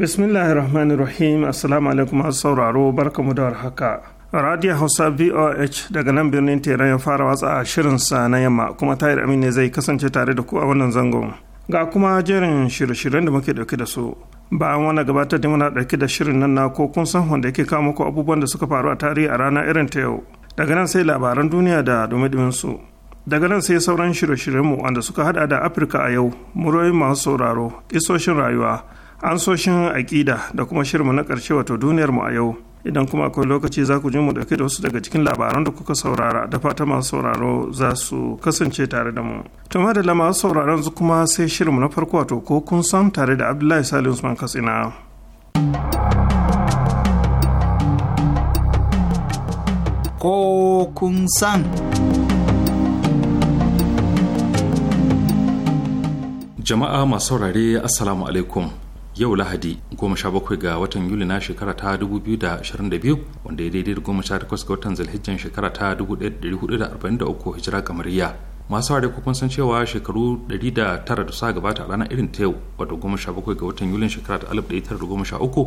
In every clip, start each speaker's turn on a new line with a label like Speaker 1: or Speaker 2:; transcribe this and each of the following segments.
Speaker 1: bismillahi rahmanir rahim assalamu alaikum masu sauraro mu da haka. radio hausa voh daga nan birnin teran ya fara watsa a shirinsa na yamma kuma tayar amin ne zai kasance tare da ku a wannan zangon ga kuma jerin shirye-shiryen da muke dauke da su bayan wani gabatar da muna dauke da shirin nan na ko kun san wanda yake kawo muku abubuwan da suka faru a tarihi a rana irin ta yau daga nan sai labaran duniya da dumi su daga nan sai sauran shirye-shiryenmu wanda suka hada da afirka a yau muroyin masu sauraro isoshin rayuwa an so aƙida da kuma shirma na ƙarshe wato duniyar mu a yau idan kuma akwai lokaci za ku je mu dauke da wasu daga cikin labaran da kuka saurara da fata masu sauraro za su kasance tare da mu to madalla masu sauraron su kuma sai shirinmu na farko wato ko kun san tare da abdullahi salim usman katsina
Speaker 2: ko kun san
Speaker 3: jama'a masu saurare assalamu alaikum yau lahadi 17 ga watan yuli na shekara ta 2022 wanda ya daidai da 18 ga watan zalhijjan shekara ta 1443 hijira kamariya masu ware kukun san cewa shekaru 109 da sa gabata a ranar irin ta yau wato 17 ga watan yulin shekara ta 1913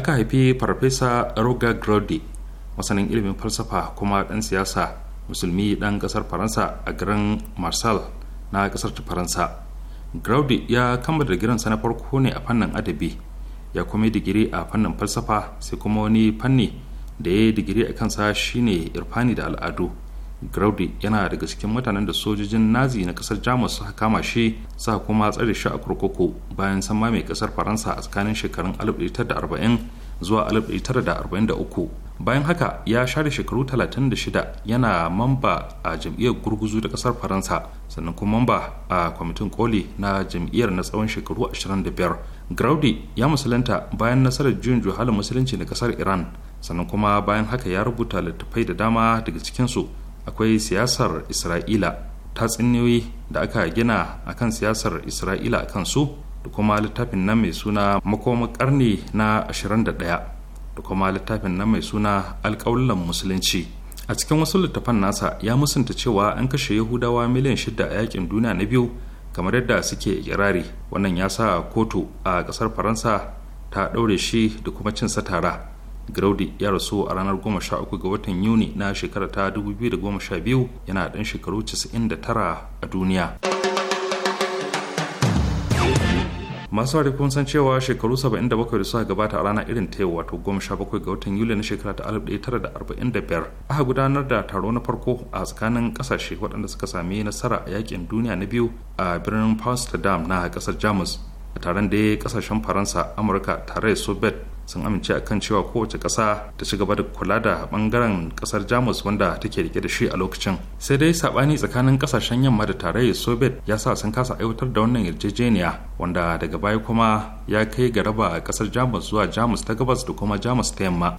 Speaker 3: aka haifi farfesa roger grody masanin ilimin falsafa kuma dan siyasa musulmi dan kasar faransa a garin marseille na kasar ta faransa Graudi ya kammala digirinsa na farko ne a fannin adabi ya kuma yi digiri a fannin falsafa sai kuma wani fanni da ya yi digiri a kansa shine irfani da al'adu Graudi yana daga cikin mutanen da sojojin Nazi na kasar Jamus suka kama shi sa kuma tsare shi a kurkuku bayan san mai kasar Faransa a tsakanin shekarun 1940 zuwa 1943 bayan haka ya share shekaru 36 yana mamba a jam'iyyar gurguzu da kasar faransa sannan kuma mamba a kwamitin koli na jam'iyyar na tsawon shekaru 25 graudi ya musulunta bayan nasarar juyin juhalin musulunci da kasar iran sannan kuma bayan haka ya rubuta littattafai da dama daga cikinsu akwai siyasar isra'ila ta tsinniyoyi da aka gina akan siyasar isra'ila a kansu da kuma littafin nan mai suna makomar karni na 21 da kuma littafin na mai suna alƙawullan musulunci a cikin wasu littafan nasa ya musanta cewa an kashe yahudawa miliyan shida a yakin duniya na biyu kamar yadda suke kirari wannan ya sa kotu a ƙasar faransa ta ɗaure shi da kuma cin satara Graudi ya rasu a ranar 13 ga watan Yuni na shekara ta 2012 yana ɗan shekaru 99 a duniya. masu harifin kun san cewa shekaru 77 da suka gabata a rana irin ta wato 17 ga watan yuli na shekara ta 1945 aka gudanar da taro na farko a tsakanin kasashe waɗanda suka sami nasara a yakin duniya na biyu a birnin potsdam na kasar jamus a taron da ya kasashen faransa amurka tare da soviet sun amince a kan cewa kowace ƙasa ta ci gaba da kula da ɓangaren ƙasar jamus wanda take rike da shi a lokacin sai dai saɓani tsakanin ƙasashen yamma da tarayyar soviet ya sa sun kasa aiwatar da wannan yarjejeniya wanda daga baya kuma ya kai ga raba ƙasar jamus zuwa jamus ta gabas da kuma jamus ta yamma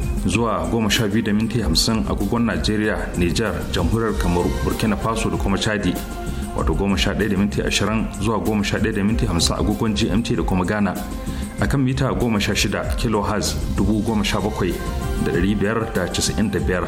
Speaker 3: zuwa biyu da minti 50 agogon Najeriya, Nijar, Jamhuriyar Kamaru, Burkina Faso da kuma Chadi. Wato 11 da minti 20 zuwa 11 da minti 50 agogon GMT da kuma Ghana. A kan mita 16 da biyar.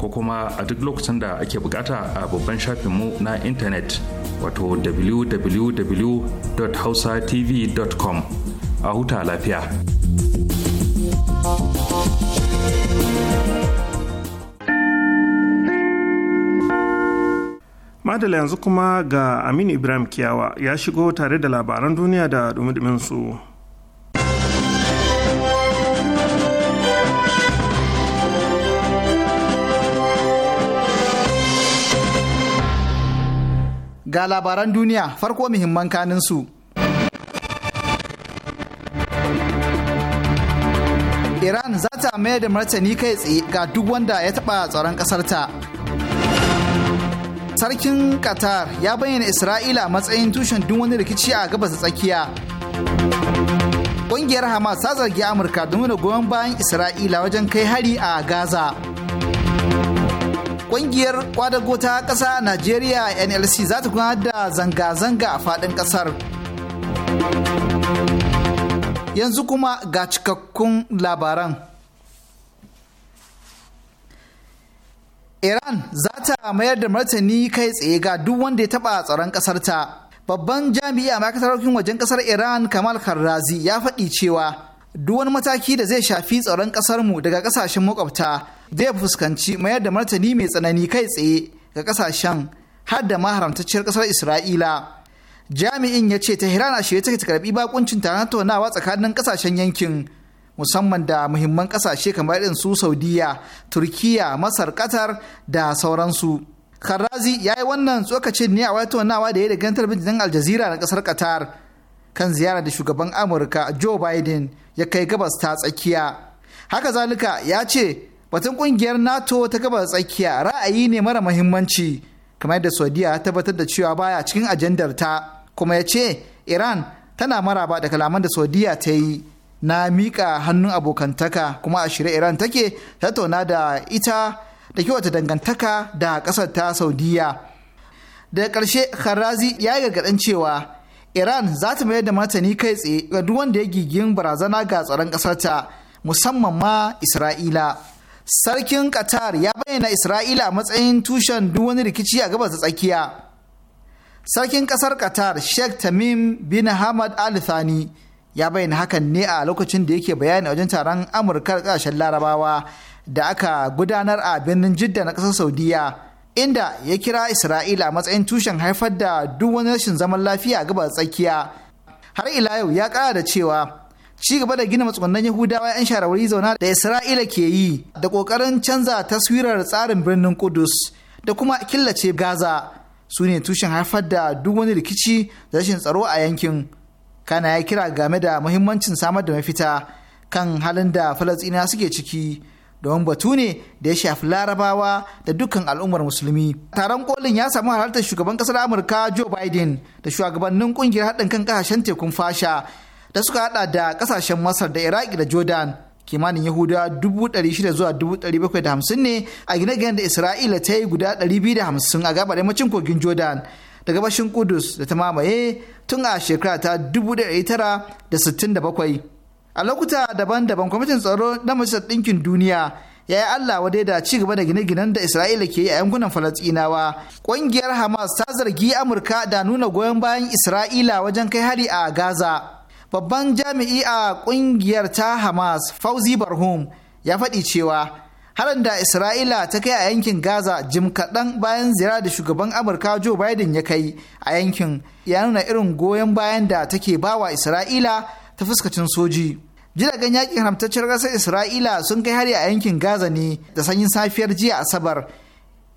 Speaker 3: ko kuma a duk lokacin da ake bukata a babban shafinmu na intanet wato www.hausatv.com a huta lafiya.
Speaker 1: Madala yanzu kuma ga Aminu Ibrahim Kiyawa ya shigo tare da labaran duniya da dumi su.
Speaker 2: ga labaran duniya farko muhimman kanin su. Iran za ta mayar da martani kai tsaye ga duk wanda ya taɓa tsaron ƙasarta. Sarkin Qatar ya bayyana Isra'ila matsayin tushen duk wani rikici a gabas tsakiya. Ƙungiyar Hamas ta zargi Amurka da nuna goyon bayan Isra'ila wajen kai hari a Gaza. Kungiyar kwadago ta kasa Najeriya NLC za ta gudanar da zanga-zanga a faɗin ƙasar. Yanzu kuma ga cikakkun labaran. Iran za ta mayar da martani kai tsaye ga duk wanda ya taɓa tsaron ƙasarta. Babban jami'a ma'aikatar wajen ƙasar Iran Kamal Karrazi ya faɗi cewa duk wani mataki da zai shafi tsaron ƙasarmu daga ƙasashen makwabta zai fuskanci mayar da martani mai tsanani kai tsaye ga kasashen har da maharamtacciyar kasar isra'ila jami'in ya ce tehran a shirye take ta karbi bakuncin tattaunawa tsakanin kasashen yankin musamman da muhimman kasashe kamar irin su saudiya turkiya masar qatar da sauransu karazi ya yi wannan tsokacin ne a wata tattaunawa da ya da gantar binciken aljazira na kasar qatar kan ziyara da shugaban amurka joe biden ya kai gabas ta tsakiya haka zalika ya ce batun kungiyar nato ta gaba tsakiya ra'ayi ne mara mahimmanci kamar yadda saudiya ta tabbatar da cewa baya cikin ajandar ta kuma ya ce iran tana maraba da kalaman da saudiya ta yi na miƙa hannun abokantaka kuma a shirye iran take tattauna da ita da kyauta dangantaka da ƙasar ta saudiya daga ƙarshe kharrazi ya gargaɗin cewa iran za ta mayar da martani kai tsaye ga duk wanda ya gigin barazana ga tsaron ƙasarta musamman ma isra'ila sarkin qatar ya bayyana isra'ila a matsayin tushen duk wani rikici a gabas da tsakiya sarkin ƙasar qatar sheikh tamim bin hamad al thani ya bayyana hakan ne a lokacin da yake bayani a wajen taron amurka kasashen larabawa da aka gudanar a birnin jidda na ƙasar saudiya inda ya kira isra'ila a matsayin tushen haifar da duk wani rashin zaman lafiya a gabas tsakiya har ila yau ya kara da cewa ci gaba da gina matsugunan Yahudawa 'yan sharawari zauna da Isra'ila ke yi da ƙoƙarin canza taswirar tsarin birnin Kudus da kuma killace Gaza su ne tushen haifar da duk wani rikici da rashin tsaro a yankin. Kana ya kira game da muhimmancin samar da mafita kan halin da Falasɗina suke ciki domin batu ne da ya shafi larabawa da dukkan al'ummar musulmi. Taron kolin ya samu halartar shugaban ƙasar Amurka Joe Biden da shugabannin ƙungiyar haɗin kan ƙasashen tekun fasha da suka hada da kasashen masar da iraki da jordan kimanin yahudawa dubu ɗari shida zuwa dubu ɗari bakwai da hamsin ne a gine-ginen da isra'ila ta yi guda ɗari biyu da hamsin a gabar yammacin kogin jordan da gabashin kudus da ta mamaye tun a shekara ta dubu ɗari tara da sittin da bakwai a lokuta daban-daban kwamitin tsaro na majalisar ɗinkin duniya ya yi Allah wadai da ci gaba da gine-ginen da Isra'ila ke yi a yankunan Falasɗinawa. Ƙungiyar Hamas ta zargi Amurka da nuna goyon bayan Isra'ila wajen kai hari a Gaza. babban jami'i a kungiyar ta hamas fauzi barhum ya faɗi cewa harin da isra'ila ta kai a yankin gaza jim kaɗan bayan zira da shugaban amurka joe biden ya kai a yankin ya nuna irin goyon bayan da take bawa isra'ila ta fuskacin soji jiragen yakin haramtaccen ƙasar isra'ila sun kai hari a yankin gaza ne da sanyin safiyar jiya asabar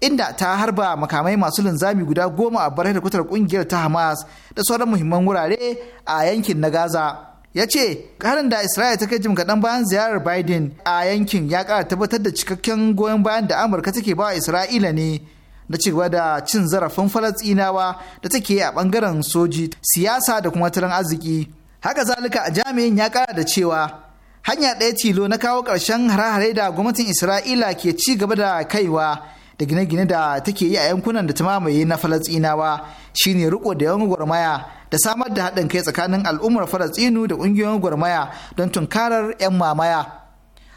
Speaker 2: inda ta harba makamai masu linzami guda goma a da kwatar kungiyar ta hamas da sauran muhimman wurare a yankin na gaza ya ce karin da isra'il ta kai jim kaɗan bayan ziyarar biden a yankin ya ƙara tabbatar da cikakken goyon bayan da amurka take ba isra'ila ne na cigaba da cin zarafin falasɗinawa da take a bangaren soji siyasa da kuma tarin arziki haka zalika a jami'in ya ƙara da cewa hanya ɗaya tilo na kawo ƙarshen hare-hare da gwamnatin isra'ila ke ci gaba da kaiwa da gine-gine da take yi a yankunan da ta mamaye na shi shine riko da yawan gwarmaya da samar da haɗin kai tsakanin al'ummar falasɗinu da ƙungiyoyin gwarmaya don tunkarar 'yan mamaya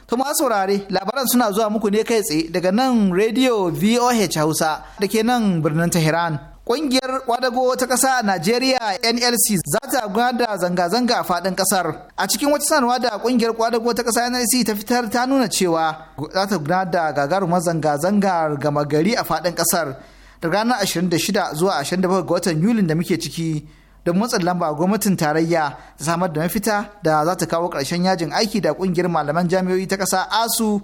Speaker 2: to masu saurare labaran suna zuwa muku ne kai tsaye daga nan Rediyo voh hausa da ke nan birnin tehran Ƙungiyar Wadago ta ƙasa a Najeriya NLC za ta gudanar da zanga-zanga a faɗin ƙasar. A cikin wata sanarwa da ƙungiyar Wadago ta ƙasa NLC ta fitar ta nuna cewa za ta gudanar da gagarumar zanga-zangar gama gari a faɗin ƙasar da ranar 26 zuwa 27 ga watan Yulin da muke ciki don matsin lamba gwamnatin tarayya ta samar da mafita da za ta kawo ƙarshen yajin aiki da ƙungiyar malaman jami'o'i ta ƙasa ASU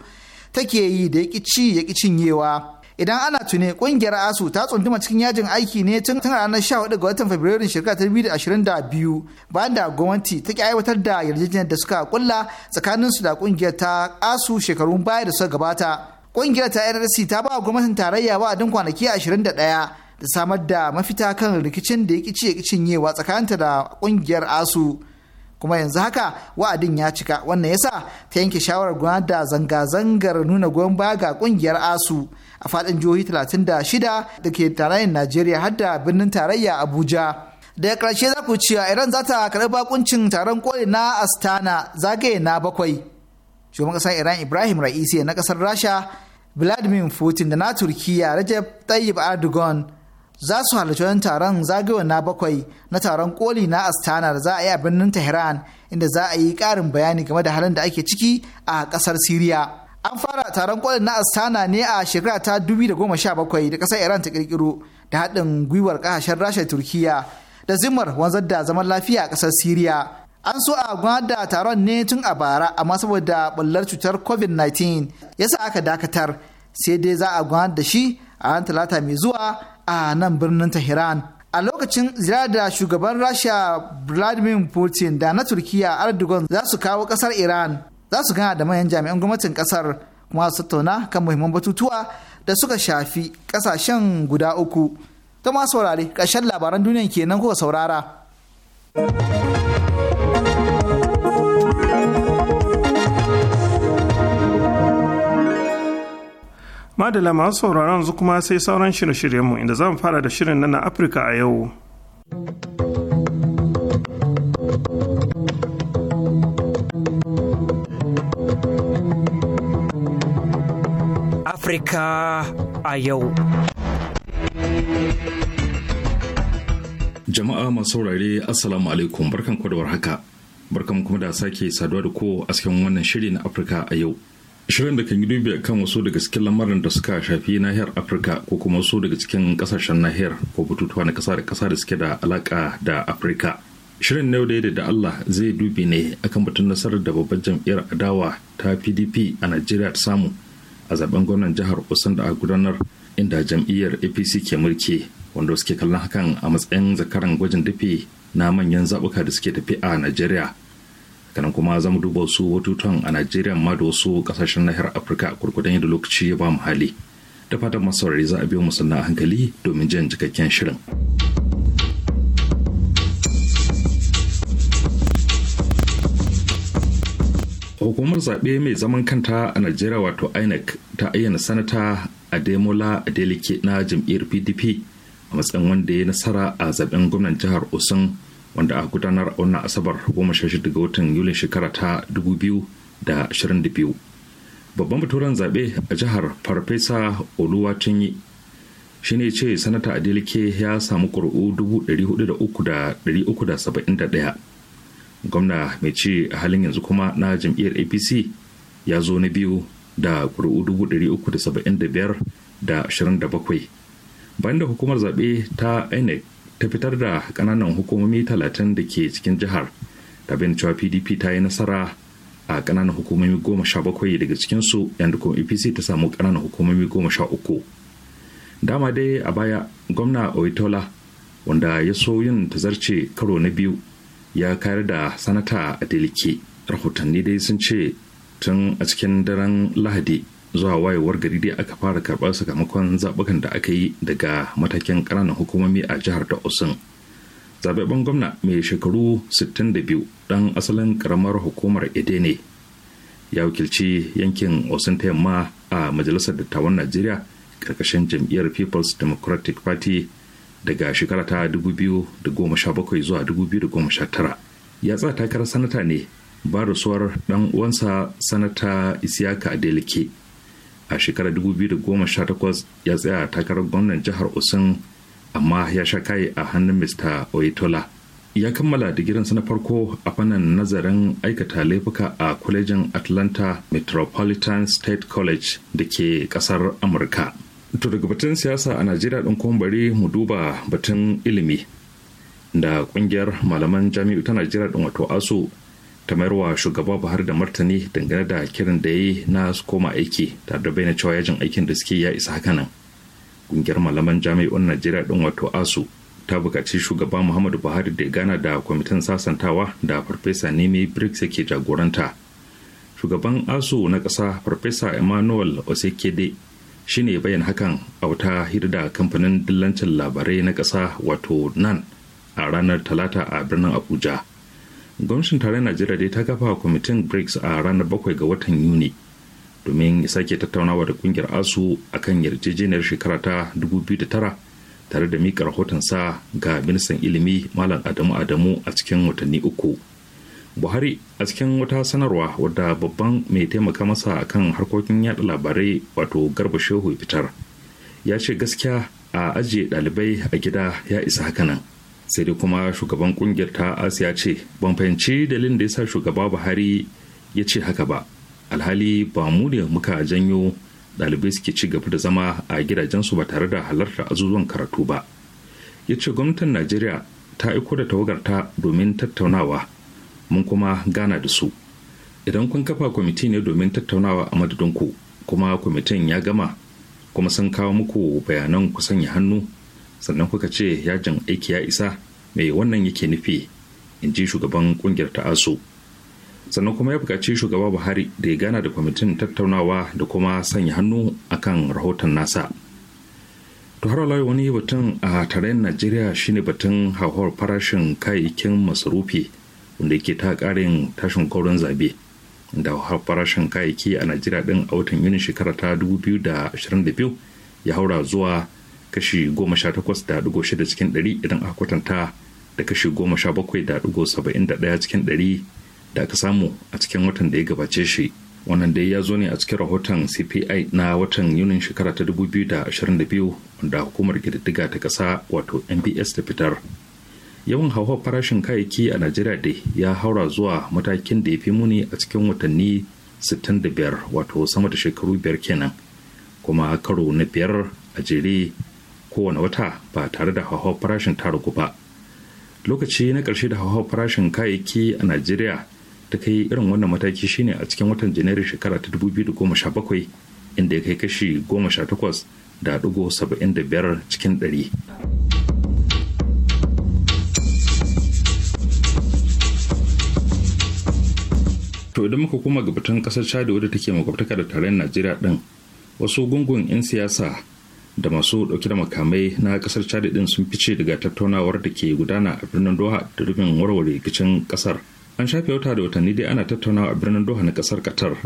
Speaker 2: take yi da ya ci ya ƙi cinyewa. idan ana tune kungiyar asu ta tsunduma cikin yajin aiki ne tun ranar 14 ga watan fabrairun shekara ta 2022 bayan da gwamnati ta ki aiwatar da yarjejeniyar da suka kulla tsakanin su da kungiyar ta asu shekarun baya da suka gabata kungiyar ta nrc ta ba gwamnatin tarayya wa'adin kwanaki 21 da samar da mafita kan rikicin da ya kici ya tsakanin ta da kungiyar asu kuma yanzu haka wa'adin ya cika wannan yasa ta yanke shawarar gudanar da zanga-zangar nuna goyon baya ga kungiyar asu a faɗin jihohi 36 da ke tarayyar Najeriya har da birnin tarayya Abuja. Daga ƙarshe za ku cewa Iran za ta karɓi bakuncin taron koli na Astana zagaye na bakwai. Shugaban ƙasar Iran Ibrahim Ra'isi na ƙasar Rasha Vladimir Putin da na Turkiyya Recep Tayyip Erdogan za su halarci wani taron zagaye na bakwai na taron koli na Astana da za a yi a birnin Tehran inda za a yi ƙarin bayani game da halin da ake ciki a ƙasar Siriya. an fara taron kwallon na astana ne a shekara ta 2017 da kasar iran ta kirkiro da haɗin gwiwar kasashen rasha turkiya da zimmar wanzar da zaman lafiya a ƙasar siriya an so a da taron ne tun a bara amma saboda ɓullar cutar covid-19 ya sa aka dakatar sai dai za a da shi a ran talata mai zuwa a nan birnin tehran a lokacin ziyarar da shugaban rasha vladimir putin da na turkiya erdogan za su kawo ƙasar iran za su gana da manyan jami'an gwamnatin kasar kuma su tattauna kan muhimman batutuwa da suka shafi kasashen guda uku ta masu saurare ƙarshen labaran duniya kenan kuka saurara.
Speaker 1: Madala masu sauraron yanzu kuma sai sauran shirye-shiryenmu inda zamu fara da shirin na Afirka a yau.
Speaker 3: Afrika a yau. Jama'a masu saurare Assalamu alaikum barkan ku da warhaka. Barkan kuma da sake saduwa da ko a cikin wannan shiri na Afirka a yau. Shirin da kan yi dubi kan wasu daga cikin lamarin da suka shafi nahiyar Afirka ko kuma wasu daga cikin kasashen nahiyar ko bututuwa na kasa da kasa da suke da alaka da Afirka. Shirin na yau da da Allah zai dubi ne akan batun nasarar da babbar jam'iyyar adawa ta PDP a Najeriya ta samu a zaben gwamnan jihar Osun da a gudanar inda jam'iyyar APC ke mulki wanda suke kallon hakan a matsayin zakaran gwajin dafe na manyan zaɓuka da suke tafi a Najeriya. Kanan kuma zamu duba wasu batutuwan a Najeriya ma da wasu ƙasashen nahiyar Afirka kurkudan yadda lokaci ya ba mu hali. Da fatan masaurari za a biyo mu sannan hankali domin jin cikakken shirin. hukumar zaɓe mai zaman kanta a najeriya wato inec ta ayyana sanata ademola adeleke na jam'iyyar pdp a matsayin wanda ya nasara a zaben gwamnan jihar osun wanda a gudanar a wannan asabar goma sha shida ga watan yulin shekara ta 2022 babban baturan zaɓe a jihar farfesa tunyi shi ne ce sanata adeleke ya samu kuri'u dubu gwamna mai ce a halin yanzu kuma na jam'iyyar apc ya zo na biyu da ƙuri'u 375 da 27 bayan da hukumar zaɓe ta inec ta fitar da ƙananan hukumomi 30 da ke cikin jihar da bin cewa pdp ta yi nasara a ƙananan hukumomi goma sha 17 daga cikinsu yadda kuma apc ta samu ƙananan hukumomi goma sha 13 dama dai a baya gwamna oitola wanda ya so yin tazarce karo na biyu ya kayar da sanata a delike rahotanni dai sun ce tun a cikin daren lahadi zuwa wayewar gari dai aka fara karɓar sakamakon zaɓukan da aka yi daga matakin ƙananan hukumomi a jihar ta osun zaɓaɓɓen gwamna mai shekaru 62 ɗan asalin ƙaramar hukumar edene ya wakilci yankin osun ta yamma a majalisar dattawan najeriya ƙarƙashin jam'iyyar people's democratic party daga shekara ta 2017 zuwa 2019 ya tsaya takarar sanata ne ba rasuwar dan uwansa sanata isiyaka adeleke a shekarar 2018 ya tsaya takarar gwamnan jihar osun amma ya sha kai a hannun mr oyetola ya kammala digirin na farko a fannin nazarin aikata laifuka a kwalejin atlanta metropolitan state college da ke kasar amurka to daga batun siyasa a najeriya ɗin kuma bari mu duba batun ilimi da ƙungiyar malaman jami'u ta najeriya ɗin wato aso ta mayar wa shugaba buhari da martani dangane da kiran da ya yi na su koma aiki tare da na cewa yajin aikin da suke ya isa hakanan ƙungiyar malaman jami'un najeriya ɗin wato asu ta bukaci shugaba muhammadu buhari da gana da kwamitin sasantawa da farfesa nemi brics yake jagoranta shugaban asu na ƙasa farfesa emmanuel osekede shine bayan hakan a wata hirda kamfanin dillancin labarai na ƙasa wato nan a ranar talata a birnin abuja gwamnatin tarayyar najeriya dai ta kafa kwamitin brics a ranar bakwai ga watan yuni domin sake tattaunawa da kungiyar asu a kan yarjejeniyar shekara ta 2009 tare da miƙa rahotonsa ga ministan ilimi malam adamu adamu a cikin watanni uku buhari a cikin wata sanarwa wadda babban mai taimaka masa kan harkokin yada labarai wato garba shehu fitar ya ce gaskiya a ajiye ɗalibai a gida ya isa haka nan sai dai kuma shugaban kungiyar ta asiya ce ban fahimci dalilin da ya sa shugaba buhari ya ce haka ba alhali ba mu ne muka janyo dalibai suke ci gaba da zama a gidajensu ba tare da halarta azuzuwan karatu ba ya ce gwamnatin najeriya ta aiko da tawagarta domin tattaunawa mun kuma gana da su idan kun kafa kwamiti ne domin tattaunawa a madadinku kuma kwamitin ya gama kuma sun kawo muku bayanan ku sanya hannu sannan kuka ce yajin aiki ya isa mai wannan yake nufi in ji shugaban kungiyar ta'asu sannan kuma ya buƙaci shugaba buhari da ya gana da kwamitin tattaunawa da kuma sanya hannu akan rahoton nasa to har wani batun a tarayyar najeriya shine batun hauhawar farashin kayayyakin masarufi wanda ke ta karin tashin koron zabe da farashin kayayyaki a najeriya din a watan yuni shekara ta 2022 ya haura zuwa kashi 18.6 cikin 100 idan aka kwatanta da kashi 17.71 cikin 100 da aka samu a cikin watan da ya gabace shi wannan dai ya zo ne a cikin rahoton cpi na watan yunin shekara ta 2022 wanda hukumar kididdiga ta ƙasa wato nbs ta fitar yawan hauhawar farashin kayayyaki a najeriya dai ya haura zuwa matakin da ya fi muni a cikin watanni 65 wato sama da shekaru biyar kenan kuma karo na biyar a jere kowane wata ba tare da hauhawar farashin ta ragu ba lokaci na ƙarshe da hauhawar farashin kayayyaki a najeriya ta kai irin wannan mataki shine a cikin watan janairu shekara ta 2017 inda ya kai kashi 18 da 75 cikin 100 to idan muka koma ga batun kasar chad wadda take makwabtaka da tarayyar najeriya din wasu gungun 'yan siyasa da masu dauke da makamai na kasar chad din sun fice daga tattaunawar da ke gudana a birnin doha da rufin warware rikicin kasar an shafe wata da watanni dai ana tattaunawa a birnin doha na kasar qatar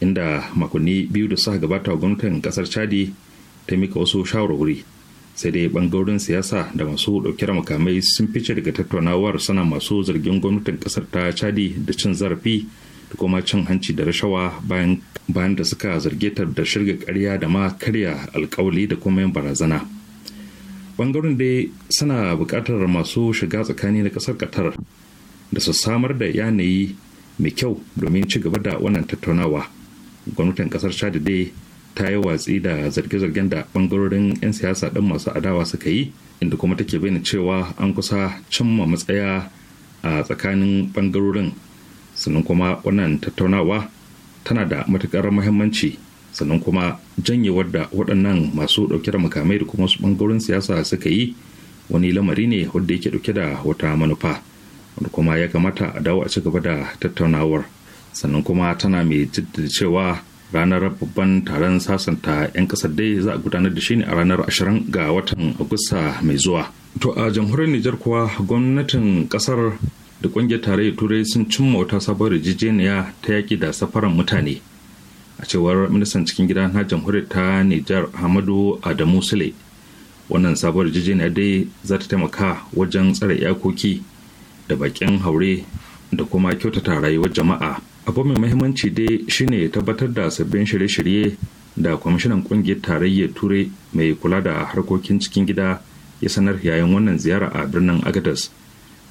Speaker 3: inda makonni biyu da suka gabata gwamnatin kasar chad ta mika wasu shawarwari sai dai bangarorin siyasa da masu dauke da makamai sun fice daga tattaunawar sana masu zargin gwamnatin kasar ta chadi da cin zarafi da kuma cin hanci da rashawa bayan da suka zarge ta da shirga karya da ma karya alkawali da kuma yin barazana bangaren dai suna buƙatar masu shiga tsakani na kasar qatar da su samar da yanayi mai kyau domin ci gaba da wannan tattaunawa gwamnatin ƙasar chadi dai ta yi watsi da zarge-zargen da bangarorin 'yan siyasa ɗin masu adawa suka yi inda kuma take bayyana cewa an kusa cimma matsaya a tsakanin bangarorin sannan kuma wannan tattaunawa tana da matuƙar muhimmanci sannan kuma janyewar da waɗannan masu ɗauke da makamai da kuma wasu bangarorin siyasa suka yi wani lamari ne wanda yake ɗauke da wata manufa wanda kuma ya kamata a dawo a ci gaba da tattaunawar sannan kuma tana mai jaddada cewa ranar babban taron sasanta 'yan kasar dai za a gudanar da shi ne a ranar 20 ga watan agusta mai zuwa to a jamhuriyar nijar kuwa gwamnatin kasar da kungiyar tarayyar turai sun cimma wata sabuwar yarjejeniya ta yaki da safaran mutane a cewar ministan cikin gida na jamhuriyar ta nijar hamadu adamu sule wannan sabuwar yarjejeniya dai za ta taimaka wajen tsare iyakoki da bakin haure da kuma kyautata rayuwar jama'a abu mai muhimmanci dai shine tabbatar da sabbin shirye-shirye da kwamishinan kungiyar tarayyar turai mai kula da harkokin cikin gida ya sanar yayin wannan ziyara a birnin agadas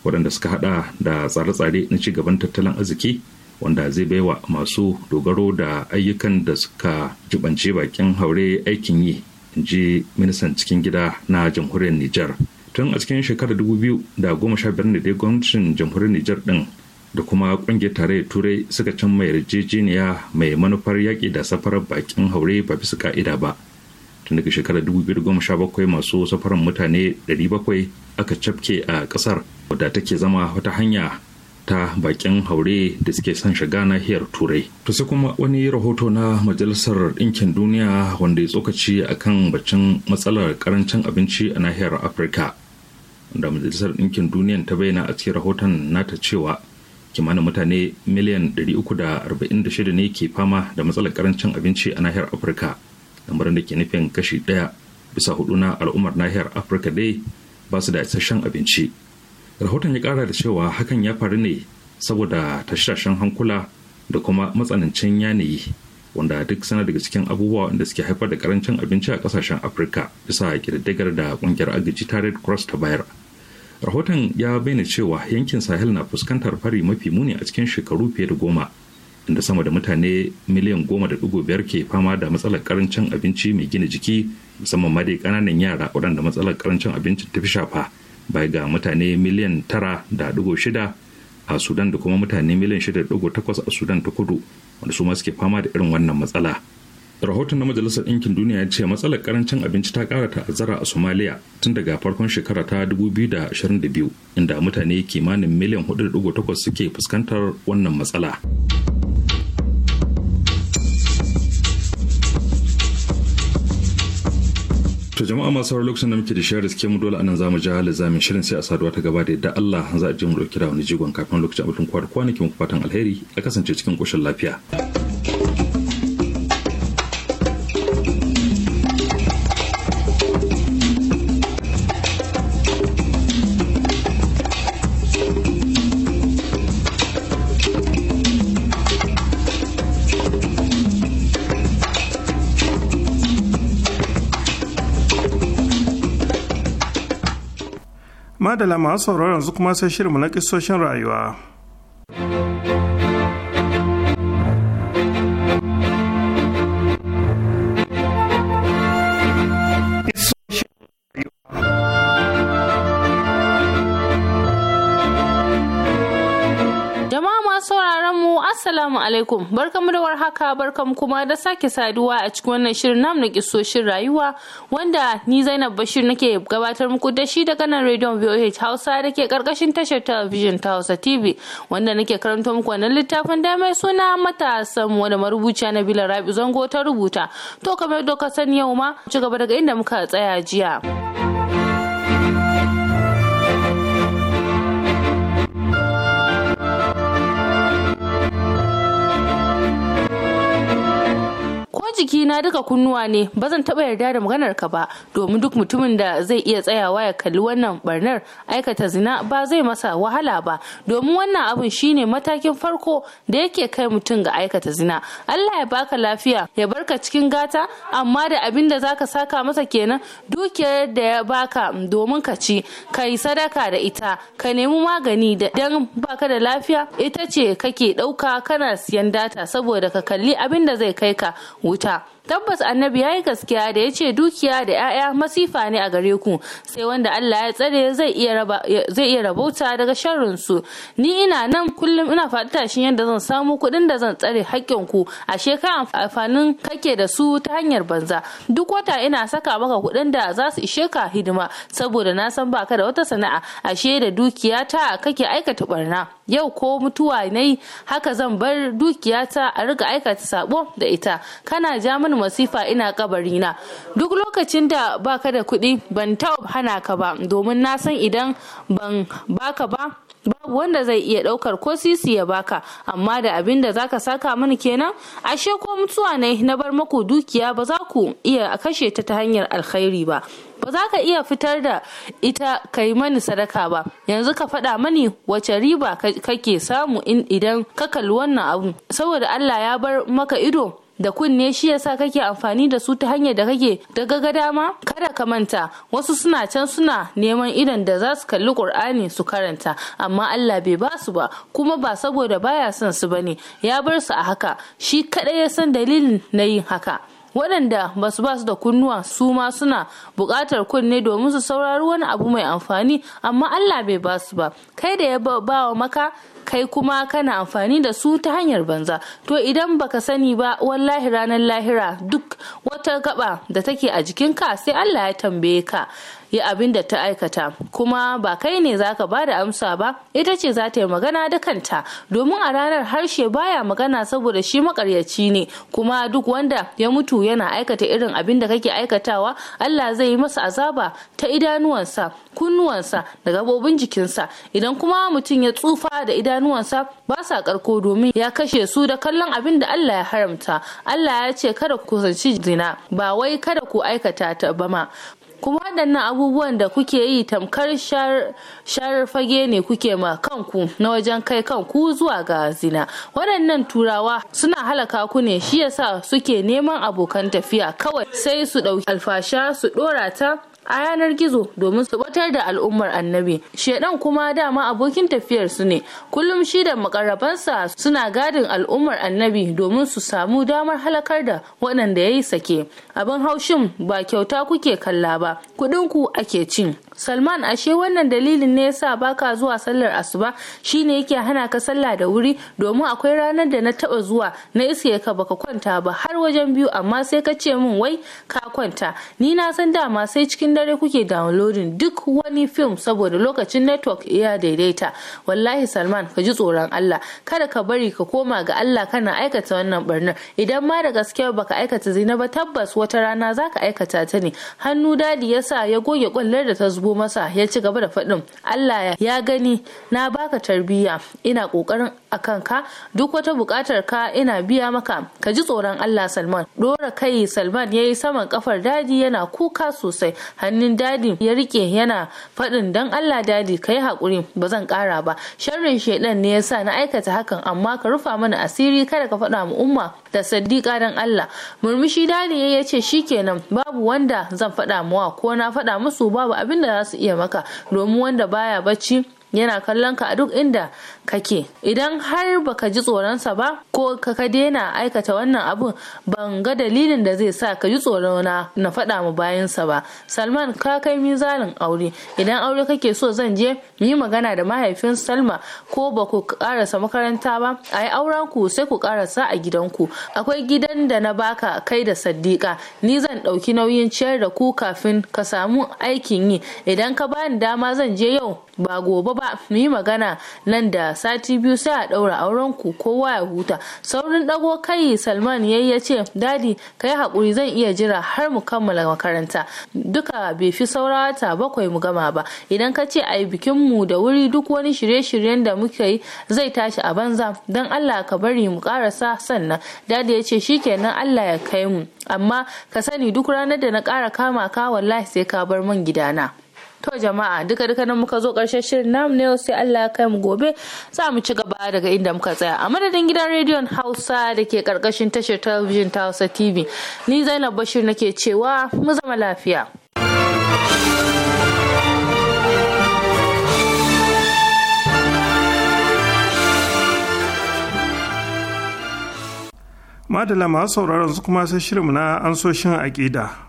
Speaker 3: waɗanda suka hada da tsare-tsare na ci gaban tattalin arziki wanda zai baiwa masu dogaro da ayyukan da suka jibance bakin haure aikin yi in ji ministan cikin gida na jamhuriyar niger tun a cikin shekarar 2015 da gwamnatin jamhuriyar niger din da kuma kungiyar tarayyar turai suka can mai yarjejeniya mai manufar yaƙi da safarar bakin haure ba bisa ka'ida ba tun daga shekarar 2017 masu safarar mutane 700 aka cafke a ƙasar wadda take zama wata hanya ta bakin haure da suke son shiga nahiyar turai to sai kuma wani rahoto na majalisar ɗinkin duniya wanda ya tsokaci a kan bacin matsalar karancin abinci a nahiyar afirka da majalisar ɗinkin duniya ta bayyana a cikin rahoton nata cewa kimanin mutane miliyan 346 ne ke fama da matsalar karancin abinci a nahiyar afirka lamarin da ke nufin kashi daya bisa hudu na al'ummar nahiyar afirka dai ba su da isasshen abinci rahoton ya kara da cewa hakan ya faru ne saboda tashashen hankula da kuma matsanancin yanayi wanda duk sana daga cikin abubuwa wanda suke haifar da karancin abinci a kasashen afirka bisa kididdigar da kungiyar agaji ta red cross ta bayar rahoton ya bayyana cewa yankin sahel na fuskantar fari mafi muni a cikin shekaru fiye da goma inda sama da mutane miliyan goma da dubu biyar ke fama da matsalar karancin abinci mai gina jiki musamman ma dai kananan yara waɗanda matsalar karancin abinci ta fi shafa bai ga mutane miliyan tara da dubu shida a sudan da kuma mutane miliyan shida da dubu takwas a sudan ta kudu wanda su ma suke fama da irin wannan matsala rahoton na majalisar ɗinkin duniya ya ce matsalar karancin abinci ta ƙara ta'azzara a somalia tun daga farkon shekara ta 2022 inda mutane kimanin miliyan 4.8 suke fuskantar wannan matsala to jama'a masu sauran lokacin da muke da shirin suke mu dole anan za mu ji shirin sai a saduwa ta gaba da yadda Allah za a je mu dauki da wani jigon kafin lokacin abin mu fatan alheri a kasance cikin koshin lafiya.
Speaker 1: madala masu sauraron yanzu kuma sai shirinmu na kisoshin rayuwa
Speaker 4: Assalamu alaikum, barkamu da warhaka barkamu kuma da sake saduwa a cikin wannan shirin namu na kisoshin rayuwa wanda ni Zainab Bashir nake gabatar muku da shi daga nan rediyon VOH Hausa da ke karkashin tashar talabijin ta Hausa TV wanda nake karanta muku wannan littafin da mai suna matasan wanda marubuci na Bila Rabi Zango ta rubuta. To kamar ka sani yau ma ci gaba daga inda muka tsaya jiya. Tafi jikina duka kunnuwa ne, ba zan taɓa yarda da maganar ka ba, domin duk mutumin da zai iya tsayawa ya kalli wannan barnar aikata zina ba zai masa wahala ba, domin wannan abin shine matakin farko da yake kai mutum ga aikata zina. Allah ya baka lafiya, ya barka cikin gata, amma da abin da zaka saka masa kenan dukiyar da ya baka domin ka ci, ka yi sadaka da ita, ka nemi magani da dan baka da lafiya, ita ce kake ɗauka kana siyan data saboda ka kalli abin da zai kai ka escuchar. tabbas annabi ya yi gaskiya da ya ce dukiya da 'ya'ya masifa ne a gare ku sai wanda Allah ya tsare zai iya rabauta daga sharrin su ni ina nan kullum ina faɗi tashin yadda zan samu kuɗin da zan tsare haƙƙin ku ashe ka amfanin kake da su ta hanyar banza duk wata ina saka maka kuɗin da za su ishe ka hidima saboda na san baka da wata sana'a ashe da dukiya ta kake aikata barna yau ko mutuwa nayi haka zan bar dukiyata a riga aikata sabo da ita kana ja mini masifa ina kabari na duk lokacin da baka da kuɗi ban taɓa hana ka ba domin na san idan ban baka ba babu wanda zai iya ɗaukar ko sisi ya baka amma da abin da zaka saka mini kenan ashe ko mutuwa ne na bar maku dukiya ba za ku iya kashe ta ta hanyar alkhairi ba ba za ka iya fitar da ita ka yi mani sadaka ba yanzu ka faɗa mani wace riba kake samu idan ka kalli wannan abu saboda Allah ya bar maka ido da kunne shi yasa kake amfani da su ta hanyar da kake daga ga dama kada ka manta wasu suna can suna neman idan da za su kalli qur'ani su karanta amma Allah bai ba su ba kuma ba saboda baya son su bane ya bar su a haka shi kadai ya san dalilin na yin haka waɗanda ba su da kunnuwa su ma suna buƙatar kunne domin su saurari wani abu mai amfani amma Allah bai ba su ba kai da ya ba wa maka kai kuma kana amfani da su ta hanyar banza to idan baka sani ba wallahi ranar lahira duk wata gaba da take a jikinka sai Allah ya tambaye ka yi abin da ta aikata kuma ba kai ne zaka ba da amsa ba ita ce za ta yi magana da kanta domin a ranar harshe baya magana saboda shi makaryaci ne kuma duk wanda ya mutu yana aikata irin abin da kake aikatawa Allah zai yi masa azaba ta idanuwansa kunnuwansa da gabobin jikinsa idan kuma mutum ya tsufa da idanuwansa ba sa karko domin ya kashe su da kallon abin da Allah ya haramta Allah ya ce kada ku kusanci zina ba wai kada ku aikata ta ba ma kuma waɗannan abubuwan da kuke yi tamkar sharar fage ne kuke ma kanku na wajen kai kanku zuwa ga zina waɗannan turawa suna halaka ku ne shi yasa suke neman abokan tafiya kawai sai su ɗauki alfasha su ɗora ta a yanar gizo domin su batar da al'ummar annabi shedan kuma dama abokin tafiyar su ne kullum shi da makarabansa suna gadin al'ummar annabi domin su samu damar halakar da waɗanda ya yi sake abin haushin ba kyauta kuke kalla ba kuɗinku ake cin Salman ashe wannan dalilin ne yasa baka zuwa sallar asuba shine yake hana ka sallah da wuri domin akwai ranar da na taba zuwa na iske ka baka kwanta ba har wajen biyu amma sai ka ce min wai ka kwanta ni na san dama sai cikin dare kuke downloading duk wani film saboda lokacin network ya daidaita wallahi Salman ka ji tsoron Allah kada ka bari ka koma ga Allah kana aikata wannan barnar idan ma da gaske baka aikata zina ba tabbas wata rana zaka aikata ta ne hannu dadi yasa ya goge kwallar da ta zubo shigo masa ya ci gaba da faɗin Allah ya gani na baka tarbiyya ina ƙoƙarin kan ka duk wata buƙatar ka ina biya maka ka ji tsoron Allah Salman dora kai Salman ya yi saman kafar dadi yana kuka sosai hannun dadi ya rike yana faɗin dan Allah dadi ka yi haƙuri ba zan ƙara ba sharrin shaidan ne ya sa na aikata hakan amma ka rufa mana asiri kada ka faɗa mu umma da sadiqa dan Allah murmushi daniya ya ce shikenan babu wanda zan faɗa muwa ko na faɗa musu babu abin da za su iya maka domin wanda baya bacci yana kallon ka a duk inda kake idan har baka ji tsoronsa ba ko ka daina aikata wannan abun ban ga dalilin da zai sa ka ji tsoro na na faɗa mu bayansa ba salman ka kai mizalin aure idan aure kake so zan je yi magana da mahaifin salma ko ba ku karasa makaranta ba a yi auren ku sai ku karasa a gidanku akwai gidan da na baka kai da saddiƙa ni zan ɗauki nauyin ciyar da ku kafin ka samu aikin yi idan ka bani dama zan je yau ba gobe ba mu yi magana nan da sati biyu sai a ɗaura auren ku kowa ya huta saurin ɗago kai salman yayi ya ce dadi ka yi haƙuri zan iya jira har mu kammala makaranta duka bai fi saura wata bakwai mu gama ba idan ka ce a yi bikin mu da wuri duk wani shirye-shiryen da muka yi zai tashi a banza don allah ka bari mu karasa sannan dadi ya ce shikenan allah ya kai mu amma ka sani duk ranar da na kara kama ka wallahi sai ka bar man gidana. to jama'a duka duka nan muka zo karshen shirin namu ne sai Allah ya kai mu gobe za mu ci gaba daga inda muka tsaya a madadin gidan rediyon Hausa da ke karkashin tashar talabijin ta Hausa TV ni Zainab Bashir nake cewa mu zama lafiya
Speaker 1: Madala masu sauraron su kuma sai shirinmu na ansoshin aƙida.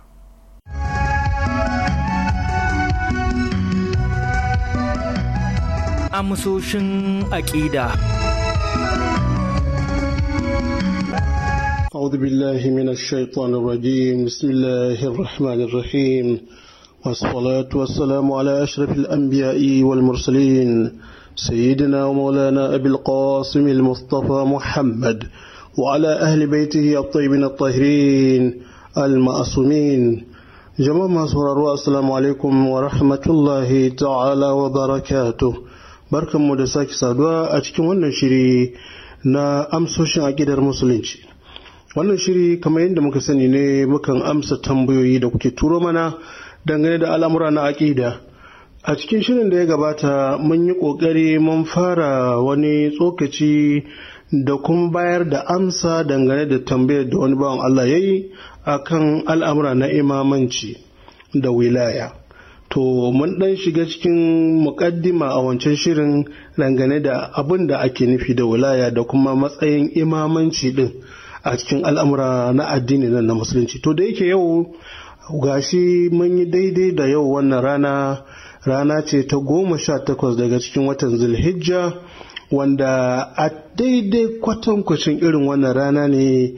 Speaker 4: amsoshin aƙida.
Speaker 5: أعوذ بالله من الشيطان الرجيم بسم الله الرحمن الرحيم والصلاة والسلام على أشرف الأنبياء والمرسلين سيدنا ومولانا أبي القاسم المصطفى محمد وعلى أهل بيته الطيبين الطاهرين المأسومين جماعة سورة السلام عليكم ورحمة الله تعالى وبركاته barkanmu da sake saduwa a cikin wannan shiri na amsoshin akidar musulunci wannan shiri kamar yadda muka sani ne mukan amsa tambayoyi da kuke turo mana dangane da al'amura na aƙida a cikin shirin da ya gabata mun yi ƙoƙari mun fara wani tsokaci da kuma bayar da amsa dangane da tambayar da wani bawan Allah ya yi a kan al'amura na imamanci da wilaya To mun ɗan shiga cikin muƙaddima a wancan shirin dangane da abin da ake nufi da wilaya da kuma matsayin imamanci ɗin a cikin al'amura na addini na musulunci. To da yake yau gashi mun yi daidai da yau wannan rana rana ce ta goma sha takwas daga cikin watan zulhijja wanda a daidai kwatankwacin irin wannan rana ne